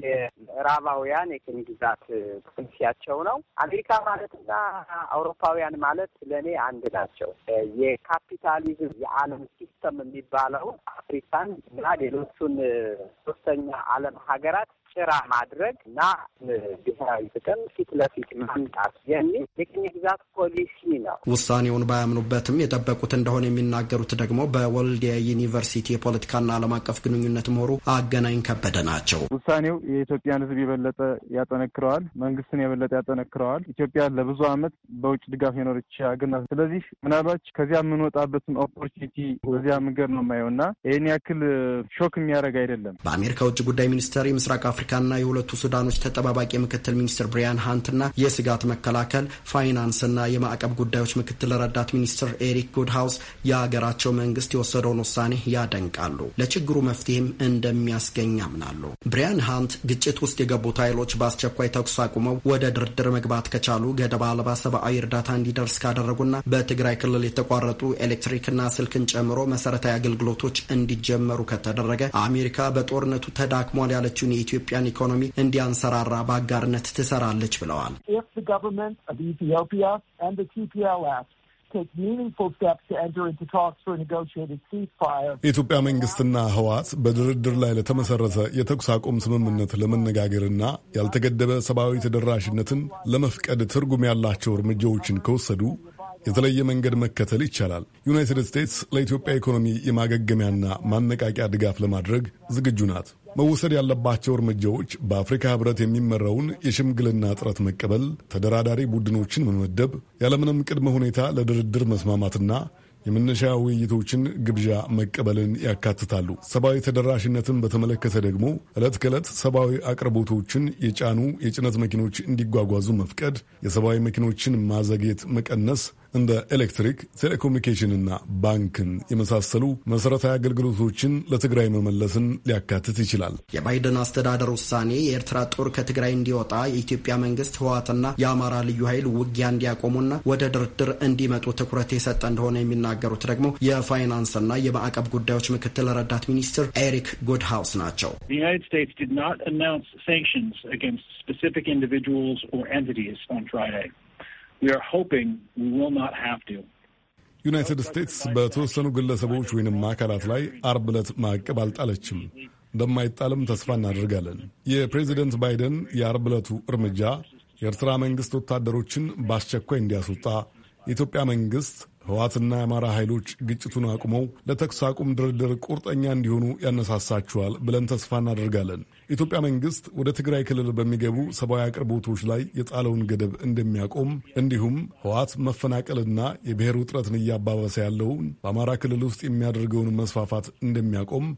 Speaker 7: የምዕራባውያን የቅኝ ግዛት ፖሊሲያቸው ነው። አሜሪካ ማለትና አውሮፓውያን ማለት ለእኔ አንድ ናቸው። የካፒታሊዝም የዓለም ሲስተም የሚባለው አፍሪካን እና ሌሎቹን ሶስተኛ ዓለም ሀገራት ጭራ ማድረግ እና ብሔራዊ ጥቅም ፊት ለፊት ማምጣት የሚል የቅኝ ግዛት ፖሊሲ ነው።
Speaker 6: ውሳኔውን ባያምኑበትም የጠበቁት እንደሆነ የሚናገሩት ደግሞ በወልዲያ ዩኒቨርሲቲ የፖለቲካና ዓለም አቀፍ ግንኙነት ምሁሩ አገናኝ ከበደ ናቸው።
Speaker 3: ውሳኔው የኢትዮጵያን ሕዝብ የበለጠ ያጠነክረዋል፣ መንግስትን የበለጠ ያጠነክረዋል። ኢትዮጵያ ለብዙ ዓመት በውጭ ድጋፍ የኖረች ሀገር ናት። ስለዚህ ምናልባች ከዚያ የምንወጣበትን ኦፖርቹኒቲ በዚያ መንገድ ነው የማየው እና ይህን ያክል ሾክ የሚያደርግ አይደለም።
Speaker 6: በአሜሪካ ውጭ ጉዳይ ሚኒስቴር የምስራቅ አፍሪካ የአፍሪካና የሁለቱ ሱዳኖች ተጠባባቂ ምክትል ሚኒስትር ብሪያን ሀንትና የስጋት መከላከል ፋይናንስና የማዕቀብ ጉዳዮች ምክትል ረዳት ሚኒስትር ኤሪክ ጉድሃውስ የሀገራቸው መንግስት የወሰደውን ውሳኔ ያደንቃሉ፣ ለችግሩ መፍትሄም እንደሚያስገኝ ያምናሉ። ብሪያን ሀንት ግጭት ውስጥ የገቡት ኃይሎች በአስቸኳይ ተኩስ አቁመው ወደ ድርድር መግባት ከቻሉ ገደባ አልባ ሰብአዊ እርዳታ እንዲደርስ ካደረጉና በትግራይ ክልል የተቋረጡ ኤሌክትሪክና ስልክን ጨምሮ መሰረታዊ አገልግሎቶች እንዲጀመሩ ከተደረገ አሜሪካ በጦርነቱ ተዳክሟል ያለችውን የኢትዮ የኢትዮጵያን ኢኮኖሚ እንዲያንሰራራ በአጋርነት
Speaker 5: ትሰራለች ብለዋል። የኢትዮጵያ መንግስትና ህወሓት በድርድር ላይ ለተመሰረተ የተኩስ አቁም ስምምነት ለመነጋገርና ያልተገደበ ሰብአዊ ተደራሽነትን ለመፍቀድ ትርጉም ያላቸው እርምጃዎችን ከወሰዱ የተለየ መንገድ መከተል ይቻላል። ዩናይትድ ስቴትስ ለኢትዮጵያ ኢኮኖሚ የማገገሚያና ማነቃቂያ ድጋፍ ለማድረግ ዝግጁ ናት። መወሰድ ያለባቸው እርምጃዎች በአፍሪካ ህብረት የሚመራውን የሽምግልና ጥረት መቀበል፣ ተደራዳሪ ቡድኖችን መመደብ፣ ያለምንም ቅድመ ሁኔታ ለድርድር መስማማትና የመነሻ ውይይቶችን ግብዣ መቀበልን ያካትታሉ። ሰብአዊ ተደራሽነትን በተመለከተ ደግሞ ዕለት ከዕለት ሰብአዊ አቅርቦቶችን የጫኑ የጭነት መኪኖች እንዲጓጓዙ መፍቀድ፣ የሰብአዊ መኪኖችን ማዘግየት መቀነስ እንደ ኤሌክትሪክ፣ ቴሌኮሙኒኬሽንና ባንክን የመሳሰሉ መሠረታዊ አገልግሎቶችን ለትግራይ መመለስን ሊያካትት ይችላል።
Speaker 6: የባይደን አስተዳደር ውሳኔ የኤርትራ ጦር ከትግራይ እንዲወጣ የኢትዮጵያ መንግስት ህወሓትና የአማራ ልዩ ኃይል ውጊያ እንዲያቆሙና ወደ ድርድር እንዲመጡ ትኩረት የሰጠ እንደሆነ የሚናገሩት ደግሞ የፋይናንስና የማዕቀብ ጉዳዮች ምክትል ረዳት ሚኒስትር ኤሪክ ጉድሃውስ ናቸው።
Speaker 5: ዩናይትድ ስቴትስ በተወሰኑ ግለሰቦች ወይንም አካላት ላይ አርብ ዕለት ማዕቀብ አልጣለችም። እንደማይጣልም ተስፋ እናደርጋለን። የፕሬዚደንት ባይደን የአርብ ዕለቱ እርምጃ የኤርትራ መንግሥት ወታደሮችን በአስቸኳይ እንዲያስወጣ፣ የኢትዮጵያ መንግሥት ህዋትና የአማራ ኃይሎች ግጭቱን አቁመው ለተኩስ አቁም ድርድር ቁርጠኛ እንዲሆኑ ያነሳሳቸዋል ብለን ተስፋ እናደርጋለን። የኢትዮጵያ መንግስት ወደ ትግራይ ክልል በሚገቡ ሰብአዊ አቅርቦቶች ላይ የጣለውን ገደብ እንደሚያቆም እንዲሁም ህወሓት መፈናቀልና የብሔር ውጥረትን እያባበሰ ያለውን በአማራ ክልል ውስጥ የሚያደርገውን መስፋፋት እንደሚያቆም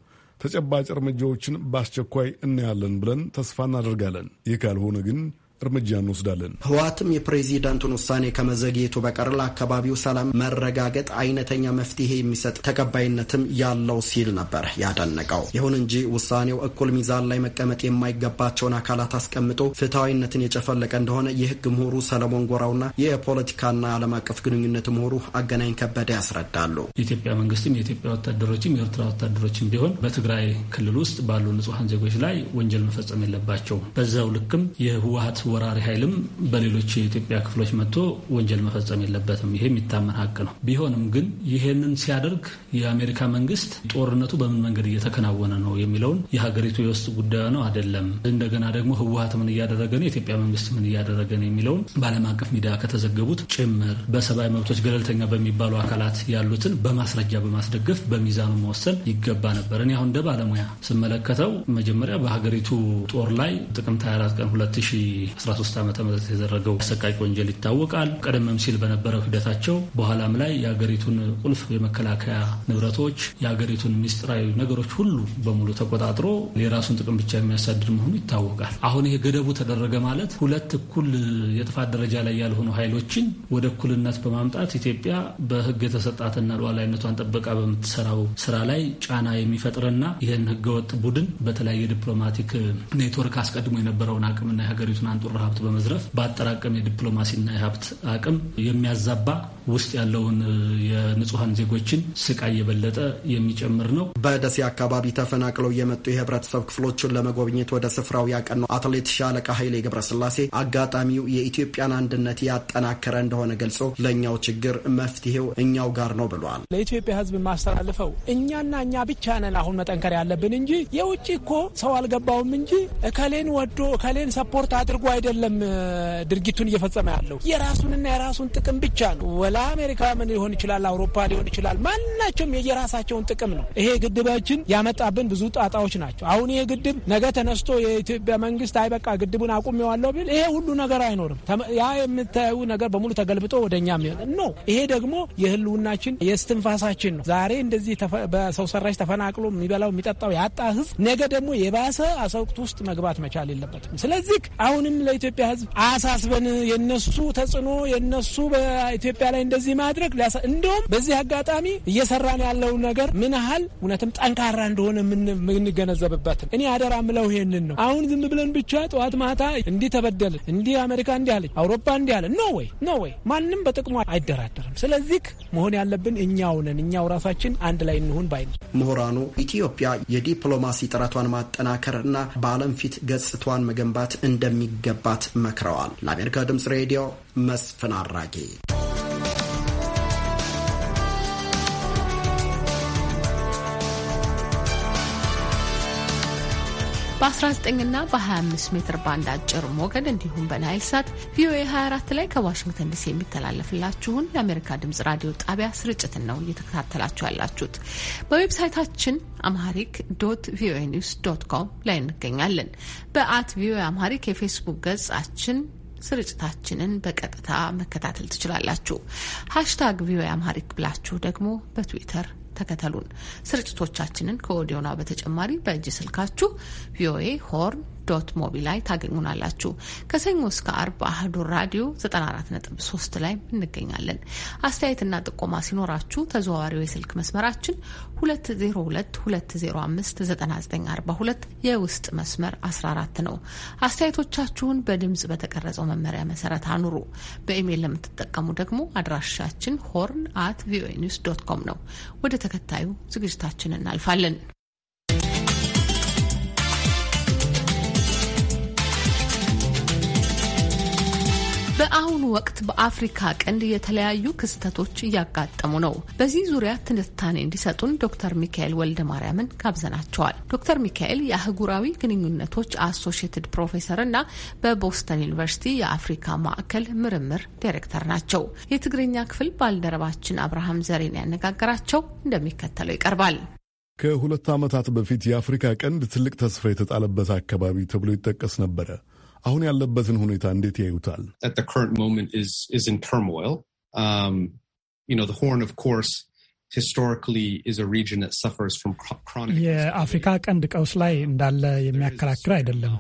Speaker 5: ተጨባጭ እርምጃዎችን በአስቸኳይ እናያለን ብለን ተስፋ እናደርጋለን። ይህ ካልሆነ ግን እርምጃ እንወስዳለን። ህወሓትም
Speaker 6: የፕሬዚዳንቱን ውሳኔ ከመዘግየቱ በቀር ለአካባቢው ሰላም መረጋገጥ አይነተኛ መፍትሄ የሚሰጥ ተቀባይነትም ያለው ሲል ነበር ያደነቀው። ይሁን እንጂ ውሳኔው እኩል ሚዛን ላይ መቀመጥ የማይገባቸውን አካላት አስቀምጦ ፍትሐዊነትን የጨፈለቀ እንደሆነ የህግ ምሁሩ ሰለሞን ጎራውና የፖለቲካና ዓለም አቀፍ ግንኙነት ምሁሩ አገናኝ ከበደ ያስረዳሉ።
Speaker 9: የኢትዮጵያ መንግስትም የኢትዮጵያ ወታደሮችም የኤርትራ ወታደሮችም ቢሆን በትግራይ ክልል ውስጥ ባሉ ንጹሐን ዜጎች ላይ ወንጀል መፈጸም የለባቸውም። በዛው ልክም የህወሀት ወራሪ ኃይልም በሌሎች የኢትዮጵያ ክፍሎች መጥቶ ወንጀል መፈጸም የለበትም። ይሄ የሚታመን ሀቅ ነው። ቢሆንም ግን ይሄንን ሲያደርግ የአሜሪካ መንግስት ጦርነቱ በምን መንገድ እየተከናወነ ነው የሚለውን የሀገሪቱ የውስጥ ጉዳዩ ነው አይደለም፣ እንደገና ደግሞ ህወሀት ምን እያደረገ ነው፣ የኢትዮጵያ መንግስት ምን እያደረገ ነው የሚለውን በዓለም አቀፍ ሚዲያ ከተዘገቡት ጭምር በሰብአዊ መብቶች ገለልተኛ በሚባሉ አካላት ያሉትን በማስረጃ በማስደገፍ በሚዛኑ መወሰን ይገባ ነበር። እኔ አሁን እንደ ባለሙያ ስመለከተው መጀመሪያ በሀገሪቱ ጦር ላይ ጥቅምት 24 ቀን 13 ዓመተ ምህረት የተደረገው አሰቃቂ ወንጀል ይታወቃል። ቀደምም ሲል በነበረው ሂደታቸው በኋላም ላይ የሀገሪቱን ቁልፍ የመከላከያ ንብረቶች የሀገሪቱን ሚስጥራዊ ነገሮች ሁሉ በሙሉ ተቆጣጥሮ የራሱን ጥቅም ብቻ የሚያሳድር መሆኑ ይታወቃል። አሁን ይሄ ገደቡ ተደረገ ማለት ሁለት እኩል የጥፋት ደረጃ ላይ ያልሆኑ ኃይሎችን ወደ እኩልነት በማምጣት ኢትዮጵያ በህግ የተሰጣትና ሉዓላዊነቷን ጠብቃ በምትሰራው ስራ ላይ ጫና የሚፈጥርና ይህን ህገወጥ ቡድን በተለያየ ዲፕሎማቲክ ኔትወርክ አስቀድሞ የነበረውን አቅምና የሀገሪቱን አንጡ የጥቁር ሀብት በመዝረፍ በአጠራቀም የዲፕሎማሲና የሀብት አቅም የሚያዛባ ውስጥ ያለውን የንጹሐን ዜጎችን ስቃይ የበለጠ የሚጨምር ነው።
Speaker 6: በደሴ አካባቢ ተፈናቅለው የመጡ የህብረተሰብ ክፍሎችን ለመጎብኘት ወደ ስፍራው ያቀነው አትሌት ሻለቃ ኃይሌ ገብረስላሴ አጋጣሚው የኢትዮጵያን አንድነት ያጠናከረ እንደሆነ ገልጾ ለእኛው ችግር መፍትሄው እኛው ጋር ነው ብሏል።
Speaker 10: ለኢትዮጵያ ህዝብ የማስተላልፈው እኛና እኛ ብቻ ነን አሁን መጠንከር ያለብን እንጂ የውጭ እኮ ሰው አልገባውም እንጂ እከሌን ወዶ እከሌን ሰፖርት አድርጎ አይደለም ድርጊቱን እየፈጸመ ያለው የራሱንና የራሱን ጥቅም ብቻ ነው ለአሜሪካ ምን ሊሆን ይችላል፣ አውሮፓ ሊሆን ይችላል። ማናቸውም የየራሳቸውን ጥቅም ነው። ይሄ ግድባችን ያመጣብን ብዙ ጣጣዎች ናቸው። አሁን ይሄ ግድብ ነገ ተነስቶ የኢትዮጵያ መንግስት አይበቃ ግድቡን አቁሜዋለሁ ቢል ይሄ ሁሉ ነገር አይኖርም። ያ የምታዩ ነገር በሙሉ ተገልብጦ ወደ እኛ የሚሆን ነው። ይሄ ደግሞ የህልውናችን የስትንፋሳችን ነው። ዛሬ እንደዚህ በሰው ሰራሽ ተፈናቅሎ የሚበላው የሚጠጣው ያጣ ህዝብ ነገ ደግሞ የባሰ አሰውቅት ውስጥ መግባት መቻል የለበትም። ስለዚህ አሁንም ለኢትዮጵያ ህዝብ አሳስበን የነሱ ተጽዕኖ የነሱ በኢትዮጵያ ላይ ላይ እንደዚህ ማድረግ እንደውም በዚህ አጋጣሚ እየሰራን ያለው ነገር ምን ያህል እውነትም ጠንካራ እንደሆነ የምንገነዘብበት እኔ አደራ ምለው ይሄንን ነው። አሁን ዝም ብለን ብቻ ጠዋት ማታ እንዲህ ተበደል እንዲህ አሜሪካ እንዲህ አለች አውሮፓ እንዲህ አለ ኖ ወይ ኖ ወይ ማንም በጥቅሙ አይደራደርም። ስለዚህ መሆን ያለብን እኛው ነን፣ እኛው ራሳችን አንድ ላይ እንሁን ባይ
Speaker 6: ምሁራኑ ኢትዮጵያ የዲፕሎማሲ ጥረቷን ማጠናከር እና በዓለም ፊት ገጽቷን መገንባት እንደሚገባት መክረዋል። ለአሜሪካ ድምጽ ሬዲዮ መስፍን አራጌ
Speaker 1: በ19 እና በ25 ሜትር ባንድ አጭር ሞገድ እንዲሁም በናይል ሳት ቪኦኤ 24 ላይ ከዋሽንግተን ዲሲ የሚተላለፍላችሁን የአሜሪካ ድምጽ ራዲዮ ጣቢያ ስርጭትን ነው እየተከታተላችሁ ያላችሁት። በዌብሳይታችን አምሃሪክ ዶት ቪኦኤ ኒውስ ዶት ኮም ላይ እንገኛለን። በአት ቪኦኤ አምሃሪክ የፌስቡክ ገጻችን ስርጭታችንን በቀጥታ መከታተል ትችላላችሁ። ሀሽታግ ቪኦኤ አምሃሪክ ብላችሁ ደግሞ በትዊተር ተከተሉን። ስርጭቶቻችንን ከኦዲዮና በተጨማሪ በእጅ ስልካችሁ ቪኦኤ ሆርን ዶት ሞቢ ላይ ታገኙናላችሁ። ከሰኞ እስከ አርብ አህዱ ራዲዮ 943 ላይ እንገኛለን። አስተያየትና ጥቆማ ሲኖራችሁ ተዘዋዋሪው የስልክ መስመራችን 2022059942 የውስጥ መስመር 14 ነው። አስተያየቶቻችሁን በድምጽ በተቀረጸው መመሪያ መሰረት አኑሩ። በኢሜይል ለምትጠቀሙ ደግሞ አድራሻችን ሆርን አት ቪኦኤ ኒውስ ዶት ኮም ነው። ወደ ተከታዩ ዝግጅታችን እናልፋለን። በአሁኑ ወቅት በአፍሪካ ቀንድ የተለያዩ ክስተቶች እያጋጠሙ ነው። በዚህ ዙሪያ ትንታኔ እንዲሰጡን ዶክተር ሚካኤል ወልደ ማርያምን ጋብዘናቸዋል። ዶክተር ሚካኤል የአህጉራዊ ግንኙነቶች አሶሽትድ ፕሮፌሰር እና በቦስተን ዩኒቨርሲቲ የአፍሪካ ማዕከል ምርምር ዳይሬክተር ናቸው። የትግርኛ ክፍል ባልደረባችን አብርሃም ዘሬን ያነጋገራቸው እንደሚከተለው ይቀርባል።
Speaker 5: ከሁለት ዓመታት በፊት የአፍሪካ ቀንድ ትልቅ ተስፋ የተጣለበት አካባቢ ተብሎ ይጠቀስ ነበረ። አሁን ያለበትን ሁኔታ እንዴት
Speaker 11: ያዩታል?
Speaker 2: የአፍሪካ um, ቀንድ ቀውስ ላይ እንዳለ የሚያከራክር አይደለም።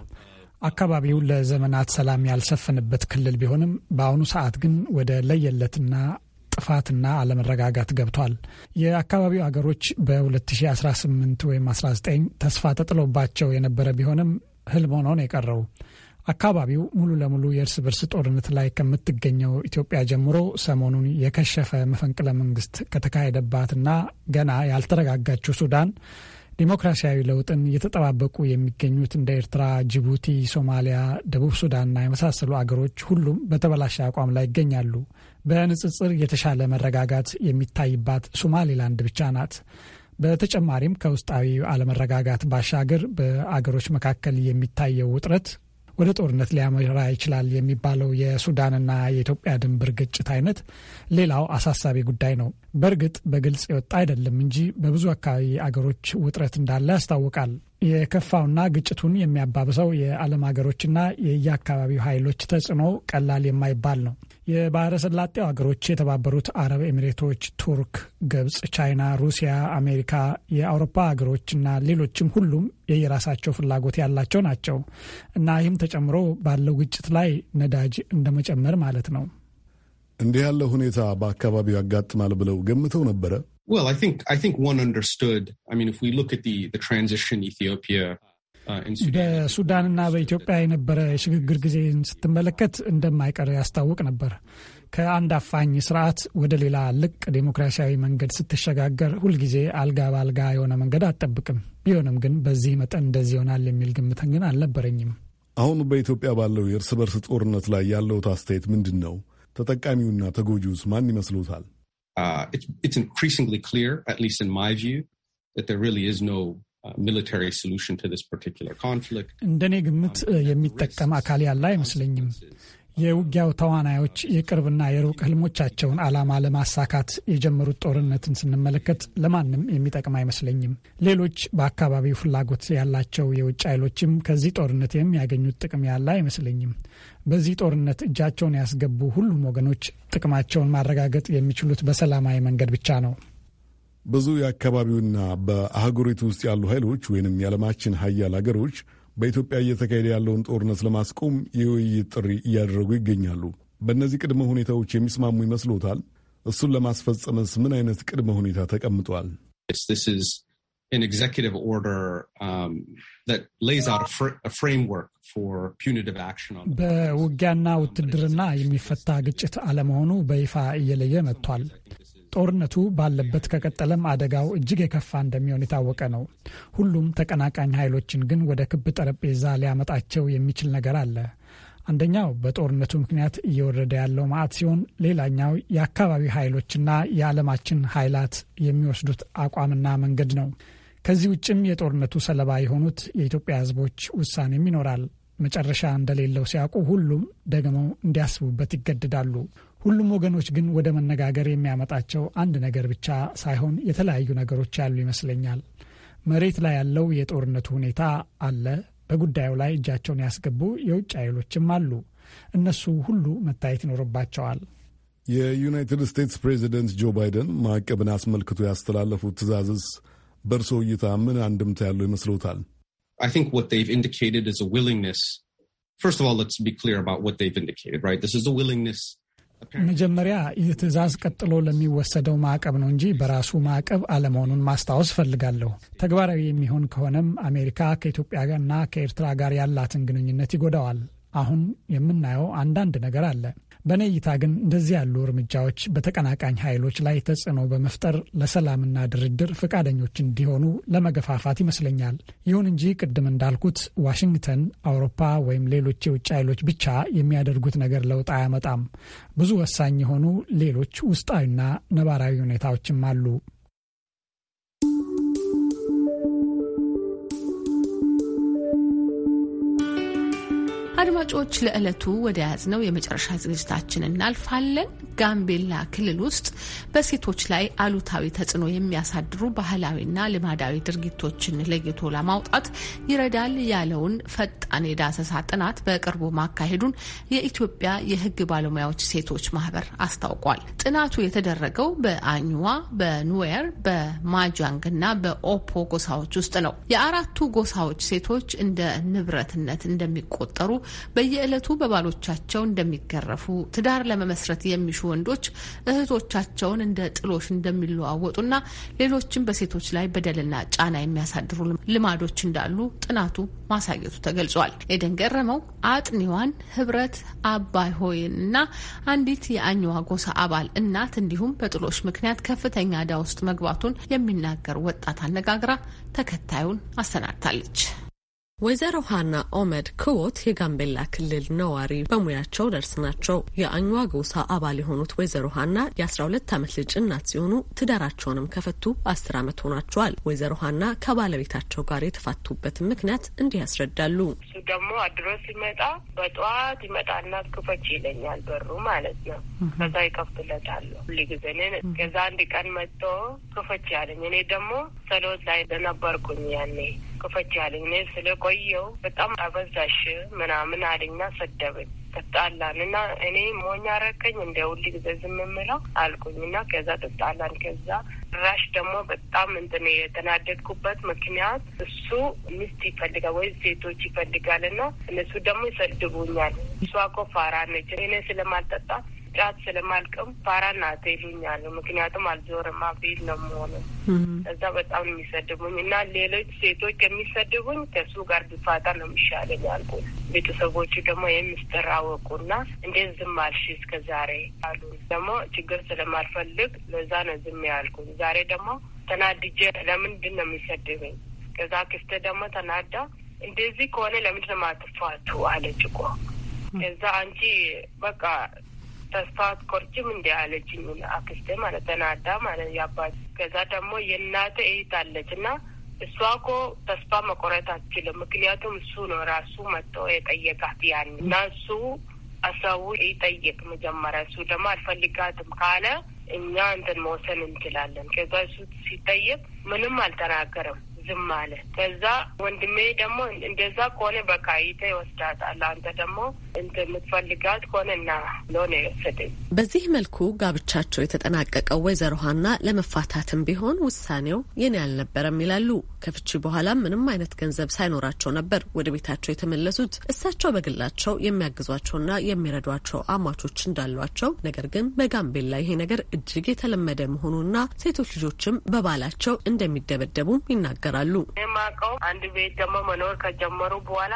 Speaker 2: አካባቢው ለዘመናት ሰላም ያልሰፈነበት ክልል ቢሆንም በአሁኑ ሰዓት ግን ወደ ለየለትና ጥፋትና አለመረጋጋት ገብቷል። የአካባቢው አገሮች በ2018 ወይም 19 ተስፋ ተጥሎባቸው የነበረ ቢሆንም ህልም ሆኖ ነው የቀረው። አካባቢው ሙሉ ለሙሉ የእርስ በርስ ጦርነት ላይ ከምትገኘው ኢትዮጵያ ጀምሮ ሰሞኑን የከሸፈ መፈንቅለ መንግስት ከተካሄደባትና ገና ያልተረጋጋችው ሱዳን ዲሞክራሲያዊ ለውጥን እየተጠባበቁ የሚገኙት እንደ ኤርትራ፣ ጅቡቲ፣ ሶማሊያ፣ ደቡብ ሱዳንና የመሳሰሉ አገሮች ሁሉም በተበላሸ አቋም ላይ ይገኛሉ። በንጽጽር የተሻለ መረጋጋት የሚታይባት ሶማሌላንድ ብቻ ናት። በተጨማሪም ከውስጣዊ አለመረጋጋት ባሻገር በአገሮች መካከል የሚታየው ውጥረት ወደ ጦርነት ሊያመራ ይችላል የሚባለው የሱዳንና የኢትዮጵያ ድንበር ግጭት አይነት ሌላው አሳሳቢ ጉዳይ ነው። በእርግጥ በግልጽ የወጣ አይደለም እንጂ በብዙ አካባቢ አገሮች ውጥረት እንዳለ ያስታውቃል። የከፋውና ግጭቱን የሚያባብሰው የዓለም ሀገሮችና የየአካባቢው ኃይሎች ተጽዕኖ ቀላል የማይባል ነው። የባህረ ሰላጤው ሀገሮች የተባበሩት አረብ ኤሚሬቶች፣ ቱርክ፣ ግብጽ፣ ቻይና፣ ሩሲያ፣ አሜሪካ፣ የአውሮፓ ሀገሮችና ሌሎችም ሁሉም የየራሳቸው ፍላጎት ያላቸው ናቸው እና ይህም ተጨምሮ ባለው ግጭት ላይ
Speaker 5: ነዳጅ እንደመጨመር ማለት ነው። እንዲህ ያለ ሁኔታ በአካባቢው ያጋጥማል ብለው
Speaker 11: ገምተው ነበረ? Well, I think I think one understood. I mean, if we look at the the transition Ethiopia
Speaker 2: በሱዳንና uh, በኢትዮጵያ የነበረ የሽግግር ጊዜን ስትመለከት እንደማይቀር ያስታውቅ ነበር። ከአንድ አፋኝ ስርዓት ወደ ሌላ ልቅ ዴሞክራሲያዊ መንገድ ስትሸጋገር ሁልጊዜ አልጋ በአልጋ የሆነ መንገድ አትጠብቅም። ቢሆንም ግን በዚህ መጠን እንደዚህ ይሆናል የሚል ግምትን ግን አልነበረኝም።
Speaker 5: አሁን በኢትዮጵያ ባለው የእርስ በርስ ጦርነት ላይ ያለውት አስተያየት ምንድን ነው? ተጠቃሚውና ተጎጂውስ ማን ይመስሎታል?
Speaker 11: Uh, it's, it's increasingly clear, at least in my view, that there really is no uh, military solution to this particular conflict.
Speaker 2: የውጊያው ተዋናዮች የቅርብና የሩቅ ህልሞቻቸውን ዓላማ ለማሳካት የጀመሩት ጦርነትን ስንመለከት ለማንም የሚጠቅም አይመስለኝም። ሌሎች በአካባቢው ፍላጎት ያላቸው የውጭ ኃይሎችም ከዚህ ጦርነት የሚያገኙት ጥቅም ያለ አይመስለኝም። በዚህ ጦርነት እጃቸውን ያስገቡ ሁሉም ወገኖች ጥቅማቸውን ማረጋገጥ የሚችሉት በሰላማዊ መንገድ ብቻ ነው።
Speaker 5: ብዙ የአካባቢውና በአህጉሪቱ ውስጥ ያሉ ኃይሎች ወይንም የዓለማችን ሀያል አገሮች በኢትዮጵያ እየተካሄደ ያለውን ጦርነት ለማስቆም የውይይት ጥሪ እያደረጉ ይገኛሉ። በእነዚህ ቅድመ ሁኔታዎች የሚስማሙ ይመስሎታል? እሱን ለማስፈጸምስ ምን አይነት ቅድመ ሁኔታ ተቀምጧል? በውጊያና
Speaker 2: ውትድርና የሚፈታ ግጭት አለመሆኑ በይፋ እየለየ መጥቷል። ጦርነቱ ባለበት ከቀጠለም አደጋው እጅግ የከፋ እንደሚሆን የታወቀ ነው። ሁሉም ተቀናቃኝ ኃይሎችን ግን ወደ ክብ ጠረጴዛ ሊያመጣቸው የሚችል ነገር አለ። አንደኛው በጦርነቱ ምክንያት እየወረደ ያለው መዓት ሲሆን፣ ሌላኛው የአካባቢ ኃይሎችና የዓለማችን ኃይላት የሚወስዱት አቋምና መንገድ ነው። ከዚህ ውጭም የጦርነቱ ሰለባ የሆኑት የኢትዮጵያ ሕዝቦች ውሳኔም ይኖራል። መጨረሻ እንደሌለው ሲያውቁ ሁሉም ደግሞ እንዲያስቡበት ይገድዳሉ። ሁሉም ወገኖች ግን ወደ መነጋገር የሚያመጣቸው አንድ ነገር ብቻ ሳይሆን የተለያዩ ነገሮች ያሉ ይመስለኛል። መሬት ላይ ያለው የጦርነቱ ሁኔታ አለ። በጉዳዩ ላይ እጃቸውን ያስገቡ የውጭ ኃይሎችም አሉ። እነሱ ሁሉ መታየት ይኖርባቸዋል።
Speaker 5: የዩናይትድ ስቴትስ ፕሬዚደንት ጆ ባይደን ማዕቀብን አስመልክቶ ያስተላለፉት ትዕዛዝስ በእርሶ እይታ ምን አንድምታ ያለው ይመስሎታል?
Speaker 2: መጀመሪያ ይህ ትዕዛዝ ቀጥሎ ለሚወሰደው ማዕቀብ ነው እንጂ በራሱ ማዕቀብ አለመሆኑን ማስታወስ ፈልጋለሁ። ተግባራዊ የሚሆን ከሆነም አሜሪካ ከኢትዮጵያ ከኢትዮጵያና ከኤርትራ ጋር ያላትን ግንኙነት ይጎዳዋል። አሁን የምናየው አንዳንድ ነገር አለ። በእኔ እይታ ግን እንደዚህ ያሉ እርምጃዎች በተቀናቃኝ ኃይሎች ላይ ተጽዕኖ በመፍጠር ለሰላምና ድርድር ፈቃደኞች እንዲሆኑ ለመገፋፋት ይመስለኛል። ይሁን እንጂ ቅድም እንዳልኩት ዋሽንግተን፣ አውሮፓ ወይም ሌሎች የውጭ ኃይሎች ብቻ የሚያደርጉት ነገር ለውጥ አያመጣም። ብዙ ወሳኝ የሆኑ ሌሎች ውስጣዊና ነባራዊ ሁኔታዎችም አሉ።
Speaker 1: አድማጮች ለዕለቱ ወደ ያዝነው የመጨረሻ ዝግጅታችን እናልፋለን። ጋምቤላ ክልል ውስጥ በሴቶች ላይ አሉታዊ ተጽዕኖ የሚያሳድሩ ባህላዊና ልማዳዊ ድርጊቶችን ለይቶ ለማውጣት ይረዳል ያለውን ፈጣን የዳሰሳ ጥናት በቅርቡ ማካሄዱን የኢትዮጵያ የሕግ ባለሙያዎች ሴቶች ማህበር አስታውቋል። ጥናቱ የተደረገው በአኝዋ፣ በኑዌር፣ በማጃንግ እና በኦፖ ጎሳዎች ውስጥ ነው። የአራቱ ጎሳዎች ሴቶች እንደ ንብረትነት እንደሚቆጠሩ በየዕለቱ በባሎቻቸው እንደሚገረፉ፣ ትዳር ለመመስረት የሚሹ ወንዶች እህቶቻቸውን እንደ ጥሎሽ እንደሚለዋወጡና ሌሎችም በሴቶች ላይ በደልና ጫና የሚያሳድሩ ልማዶች እንዳሉ ጥናቱ ማሳየቱ ተገልጿል። ኤደን ገረመው አጥኒዋን ህብረት አባይ ሆይንና አንዲት የአኝዋ ጎሳ አባል እናት እንዲሁም በጥሎሽ ምክንያት ከፍተኛ ዳ ውስጥ መግባቱን የሚናገር ወጣት አነጋግራ ተከታዩን አሰናድታለች። ወይዘሮ ሀና ኦመድ ክዎት የጋምቤላ ክልል ነዋሪ በሙያቸው
Speaker 12: ደርስ ናቸው። የአኟ ጎሳ አባል የሆኑት ወይዘሮ ሀና የአስራ ሁለት ዓመት ልጅ እናት ሲሆኑ ትዳራቸውንም ከፈቱ አስር ዓመት ሆኗቸዋል። ወይዘሮ ሀና ከባለቤታቸው ጋር የተፋቱበትን ምክንያት እንዲህ ያስረዳሉ።
Speaker 13: እሱ ደግሞ አድሮ ሲመጣ በጠዋት ይመጣና ክፈች ይለኛል፣ በሩ ማለት ነው። ከዛ ይከፍትለታለሁ ሁሉ ጊዜ። ከዛ አንድ ቀን መጥቶ ክፈች ያለኝ እኔ ደግሞ ሰሎት ላይ ለነበርኩኝ ያኔ ክፈች ያለኝ እኔ ስለ ቆየው በጣም አበዛሽ ምናምን አለኝና ሰደበኝ። ተጣላን እና እኔ ሞኛ ረከኝ እንደ ሁል ጊዜ ዝም የምለው አልኩኝ እና ከዛ ተጣላን። ከዛ ራሽ ደግሞ በጣም እንትን የተናደድኩበት ምክንያት እሱ ሚስት ይፈልጋል ወይ ሴቶች ይፈልጋል እና እነሱ ደግሞ ይሰድቡኛል። እሷ እኮ ፋራ ነች እኔ ስለማልጠጣ ጫት ስለማልቀም ባራና ይሉኛል። ምክንያቱም አልዞርም አቤል ነው መሆኑ እዛ በጣም የሚሰድቡኝ እና ሌሎች ሴቶች የሚሰድቡኝ ከሱ ጋር ቢፋታ ነው የሚሻለኝ አልኩ። ቤተሰቦቹ ደግሞ የምስጢር አወቁና እንዴት ዝም አልሽ እስከ ዛሬ አሉ። ደግሞ ችግር ስለማልፈልግ ለዛ ነው ዝም ያልኩ። ዛሬ ደግሞ ተናድጄ ለምንድን ነው የሚሰድብኝ? ከዛ ክስተ ደግሞ ተናዳ እንደዚህ ከሆነ ለምንድን ነው የማትፋቱ አለች እኮ ከዛ አንቺ በቃ ተስፋ አትቆርጭም እንዲ አለችኝ አክስቴ ማለት ተናዳ ማለት ያባት። ከዛ ደግሞ የእናተ እህት አለች እና እሷ እኮ ተስፋ መቆረጥ አትችልም። ምክንያቱም እሱ ነው ራሱ መጥቶ የጠየቃት ያን እና እሱ አሳቡ ይጠይቅ መጀመሪያ። እሱ ደግሞ አልፈልጋትም ካለ እኛ እንትን መወሰን እንችላለን። ከዛ እሱ ሲጠየቅ ምንም አልተናገረም። ዝም አለ። ከዛ ወንድሜ ደግሞ እንደዛ ከሆነ በቃ ይተ ይወስዳታል፣ አንተ ደግሞ እንት የምትፈልጋት ከሆነ እና ለሆነ የወሰደኝ።
Speaker 12: በዚህ መልኩ ጋብቻቸው የተጠናቀቀው ወይዘሮ ሀና ለመፋታትም ቢሆን ውሳኔው የኔ አልነበረም ይላሉ ከፍቺ በኋላ ምንም አይነት ገንዘብ ሳይኖራቸው ነበር ወደ ቤታቸው የተመለሱት። እሳቸው በግላቸው የሚያግዟቸውና የሚረዷቸው አማቾች እንዳሏቸው፣ ነገር ግን በጋምቤላ ይሄ ነገር እጅግ የተለመደ መሆኑና ሴቶች ልጆችም በባላቸው እንደሚደበደቡም ይናገራሉ።
Speaker 13: የማውቀው አንድ ቤት ደግሞ መኖር ከጀመሩ በኋላ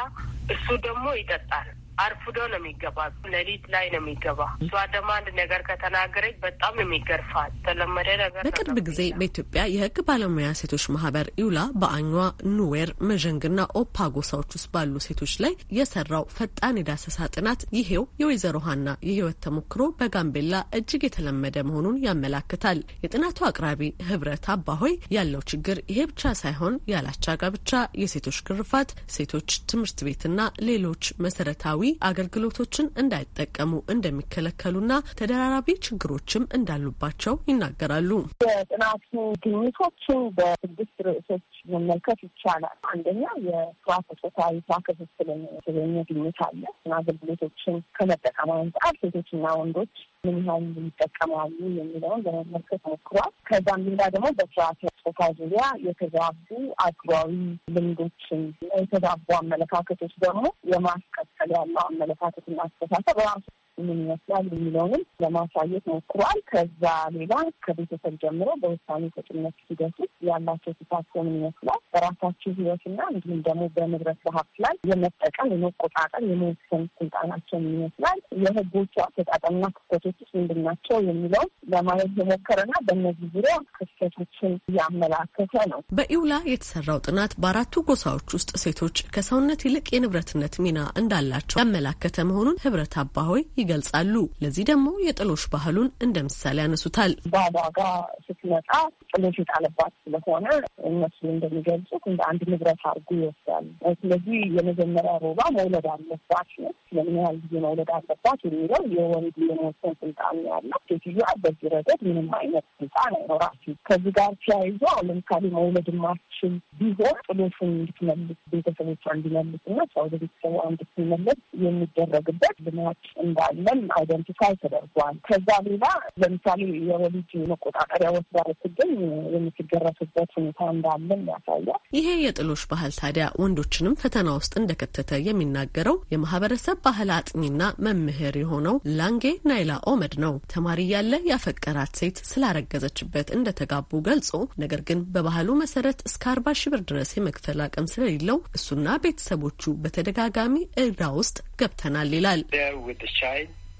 Speaker 13: እሱ ደግሞ ይጠጣል አርፍዶ ነው የሚገባ፣ ሌሊት ላይ ነው የሚገባ። እሷ ደግሞ አንድ ነገር ከተናገረች በጣም የሚገርፋል። ተለመደ ነገር።
Speaker 12: በቅርብ ጊዜ በኢትዮጵያ የህግ ባለሙያ ሴቶች ማህበር ኢውላ በአኟ፣ ኑዌር፣ መዠንግና ኦፓ ጎሳዎች ውስጥ ባሉ ሴቶች ላይ የሰራው ፈጣን የዳሰሳ ጥናት ይሄው የወይዘሮ ሀና የህይወት ተሞክሮ በጋምቤላ እጅግ የተለመደ መሆኑን ያመላክታል። የጥናቱ አቅራቢ ህብረት አባሆይ ያለው ችግር ይሄ ብቻ ሳይሆን ያላቻ ጋብቻ፣ የሴቶች ግርፋት፣ ሴቶች ትምህርት ቤትና ሌሎች መሰረታዊ አገልግሎቶችን እንዳይጠቀሙ እንደሚከለከሉና ተደራራቢ ችግሮችም እንዳሉባቸው ይናገራሉ።
Speaker 7: የጥናቱ ግኝቶችን በስድስት ርዕሶች መመልከት ይቻላል። አንደኛው የስዋት ተጾታዊ ስራ ክፍፍልን የተገኘ ግኝት አለ። አገልግሎቶችን ከመጠቀም አንጻር ሴቶችና ወንዶች ምን ያህል ይጠቀማሉ የሚለውን ለመመልከት ሞክሯል። ከዛም ሌላ ደግሞ በስርዓተ ጾታ ዙሪያ የተዛቡ አድሏዊ ልምዶችን፣ የተዛቡ አመለካከቶች ደግሞ የማስቀጠል ያለው አመለካከትና አስተሳሰብ ራሱ ምን ይመስላል የሚለውንም ለማሳየት ሞክሯል። ከዛ ሌላ ከቤተሰብ ጀምሮ በውሳኔ ሰጭነት ሂደት ያላቸው ተሳትፎ ምን ይመስላል፣ በራሳቸው ህይወትና እንዲሁም ደግሞ በንብረት በሀብት ላይ የመጠቀም የመቆጣጠር፣ የመወሰን ስልጣናቸው ምን ይመስላል፣ የህጎቹ አፈጣጠምና ክፍተቶች ምንድን ናቸው የሚለውን ለማየት የሞከረና በእነዚህ ዙሪያ
Speaker 12: ክፍተቶችን እያመላከተ ነው። በኢውላ የተሰራው ጥናት በአራቱ ጎሳዎች ውስጥ ሴቶች ከሰውነት ይልቅ የንብረትነት ሚና እንዳላቸው ያመላከተ መሆኑን ህብረት አባሆይ ይገልጻሉ። ለዚህ ደግሞ የጥሎሽ ባህሉን እንደ ምሳሌ ያነሱታል። ባሏ ጋር ስትመጣ ጥሎሽ የጣለባት ስለሆነ እነሱ እንደሚገልጹት እንደ አንድ ንብረት አድርጎ ይወስዳሉ።
Speaker 7: ስለዚህ የመጀመሪያ ሮባ መውለድ አለባት ነው። ለምን ያህል ጊዜ መውለድ አለባት የሚለው የወንድ የመወሰን ስልጣን ያላት፣ ሴትዮዋ በዚህ ረገድ ምንም አይነት ስልጣን አይኖራትም። ከዚህ ጋር ተያይዞ ለምሳሌ መውለድ ማትችል ቢሆን ጥሎሹን እንድትመልስ ቤተሰቦቿ እንዲመልስና ሰው ቤተሰቧ እንድትመለስ የሚደረግበት ልማት እንዳለ እንዳለን አይደንቲፋይ ተደርጓል። ከዛ ሌላ ለምሳሌ የወሊድ መቆጣጠሪያ ወስዳ ስገኝ የምትገረፍበት ሁኔታ እንዳለን ያሳያል።
Speaker 12: ይሄ የጥሎሽ ባህል ታዲያ ወንዶችንም ፈተና ውስጥ እንደከተተ የሚናገረው የማህበረሰብ ባህል አጥኚና መምህር የሆነው ላንጌ ናይላ ኦመድ ነው። ተማሪ ያለ ያፈቀራት ሴት ስላረገዘችበት እንደተጋቡ ገልጾ ነገር ግን በባህሉ መሰረት እስከ አርባ ሺ ብር ድረስ የመክፈል አቅም ስለሌለው እሱና ቤተሰቦቹ በተደጋጋሚ እዳ ውስጥ ገብተናል ይላል።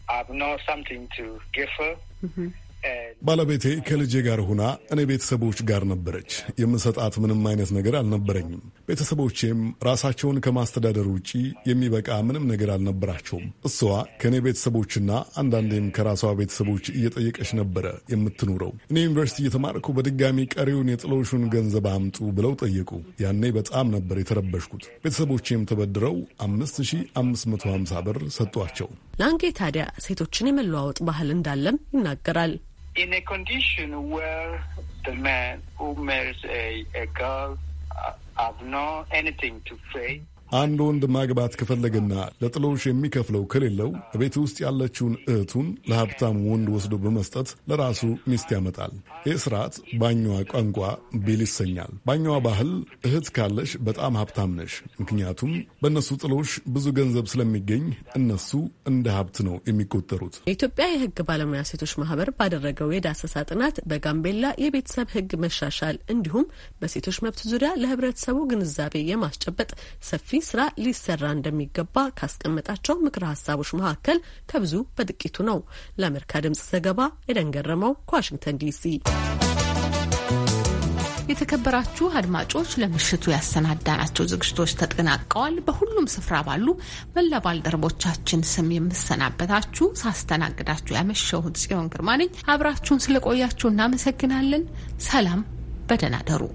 Speaker 7: I've no something to give her.
Speaker 12: Mm-hmm.
Speaker 5: ባለቤቴ ከልጄ ጋር ሁና እኔ ቤተሰቦች ጋር ነበረች። የምሰጣት ምንም አይነት ነገር አልነበረኝም። ቤተሰቦቼም ራሳቸውን ከማስተዳደር ውጪ የሚበቃ ምንም ነገር አልነበራቸውም። እሷ ከእኔ ቤተሰቦችና አንዳንዴም ከራሷ ቤተሰቦች እየጠየቀች ነበረ የምትኖረው። እኔ ዩኒቨርሲቲ እየተማርኩ በድጋሚ ቀሪውን የጥሎሹን ገንዘብ አምጡ ብለው ጠየቁ። ያኔ በጣም ነበር የተረበሽኩት። ቤተሰቦቼም ተበድረው 5550 ብር ሰጧቸው።
Speaker 12: ላንጌ ታዲያ ሴቶችን የመለዋወጥ ባህል እንዳለም ይናገራል።
Speaker 2: in a condition where
Speaker 7: the man who marries a, a girl uh, have no anything to
Speaker 12: say.
Speaker 5: አንድ ወንድ ማግባት ከፈለገና ለጥሎሽ የሚከፍለው ከሌለው ቤት ውስጥ ያለችውን እህቱን ለሀብታም ወንድ ወስዶ በመስጠት ለራሱ ሚስት ያመጣል። ይህ ስርዓት ባኛዋ ቋንቋ ቤል ይሰኛል። ባኛዋ ባህል እህት ካለሽ በጣም ሀብታም ነሽ፣ ምክንያቱም በእነሱ ጥሎሽ ብዙ ገንዘብ ስለሚገኝ እነሱ እንደ ሀብት ነው የሚቆጠሩት።
Speaker 12: የኢትዮጵያ የህግ ባለሙያ ሴቶች ማህበር ባደረገው የዳሰሳ ጥናት በጋምቤላ የቤተሰብ ህግ መሻሻል እንዲሁም በሴቶች መብት ዙሪያ ለህብረተሰቡ ግንዛቤ የማስጨበጥ ሰፊ ሰፊ ስራ ሊሰራ እንደሚገባ ካስቀመጣቸው ምክረ ሀሳቦች መካከል ከብዙ በጥቂቱ ነው። ለአሜሪካ ድምጽ ዘገባ ኤደን ገረመው ከዋሽንግተን ዲሲ።
Speaker 1: የተከበራችሁ አድማጮች ለምሽቱ ያሰናዳናቸው ዝግጅቶች ተጠናቀዋል። በሁሉም ስፍራ ባሉ መላ ባልደረቦቻችን ስም የምሰናበታችሁ ሳስተናግዳችሁ ያመሸሁት ጽዮን ግርማ ነኝ። አብራችሁን ስለቆያችሁ እናመሰግናለን። ሰላም፣ በደህና ደሩ።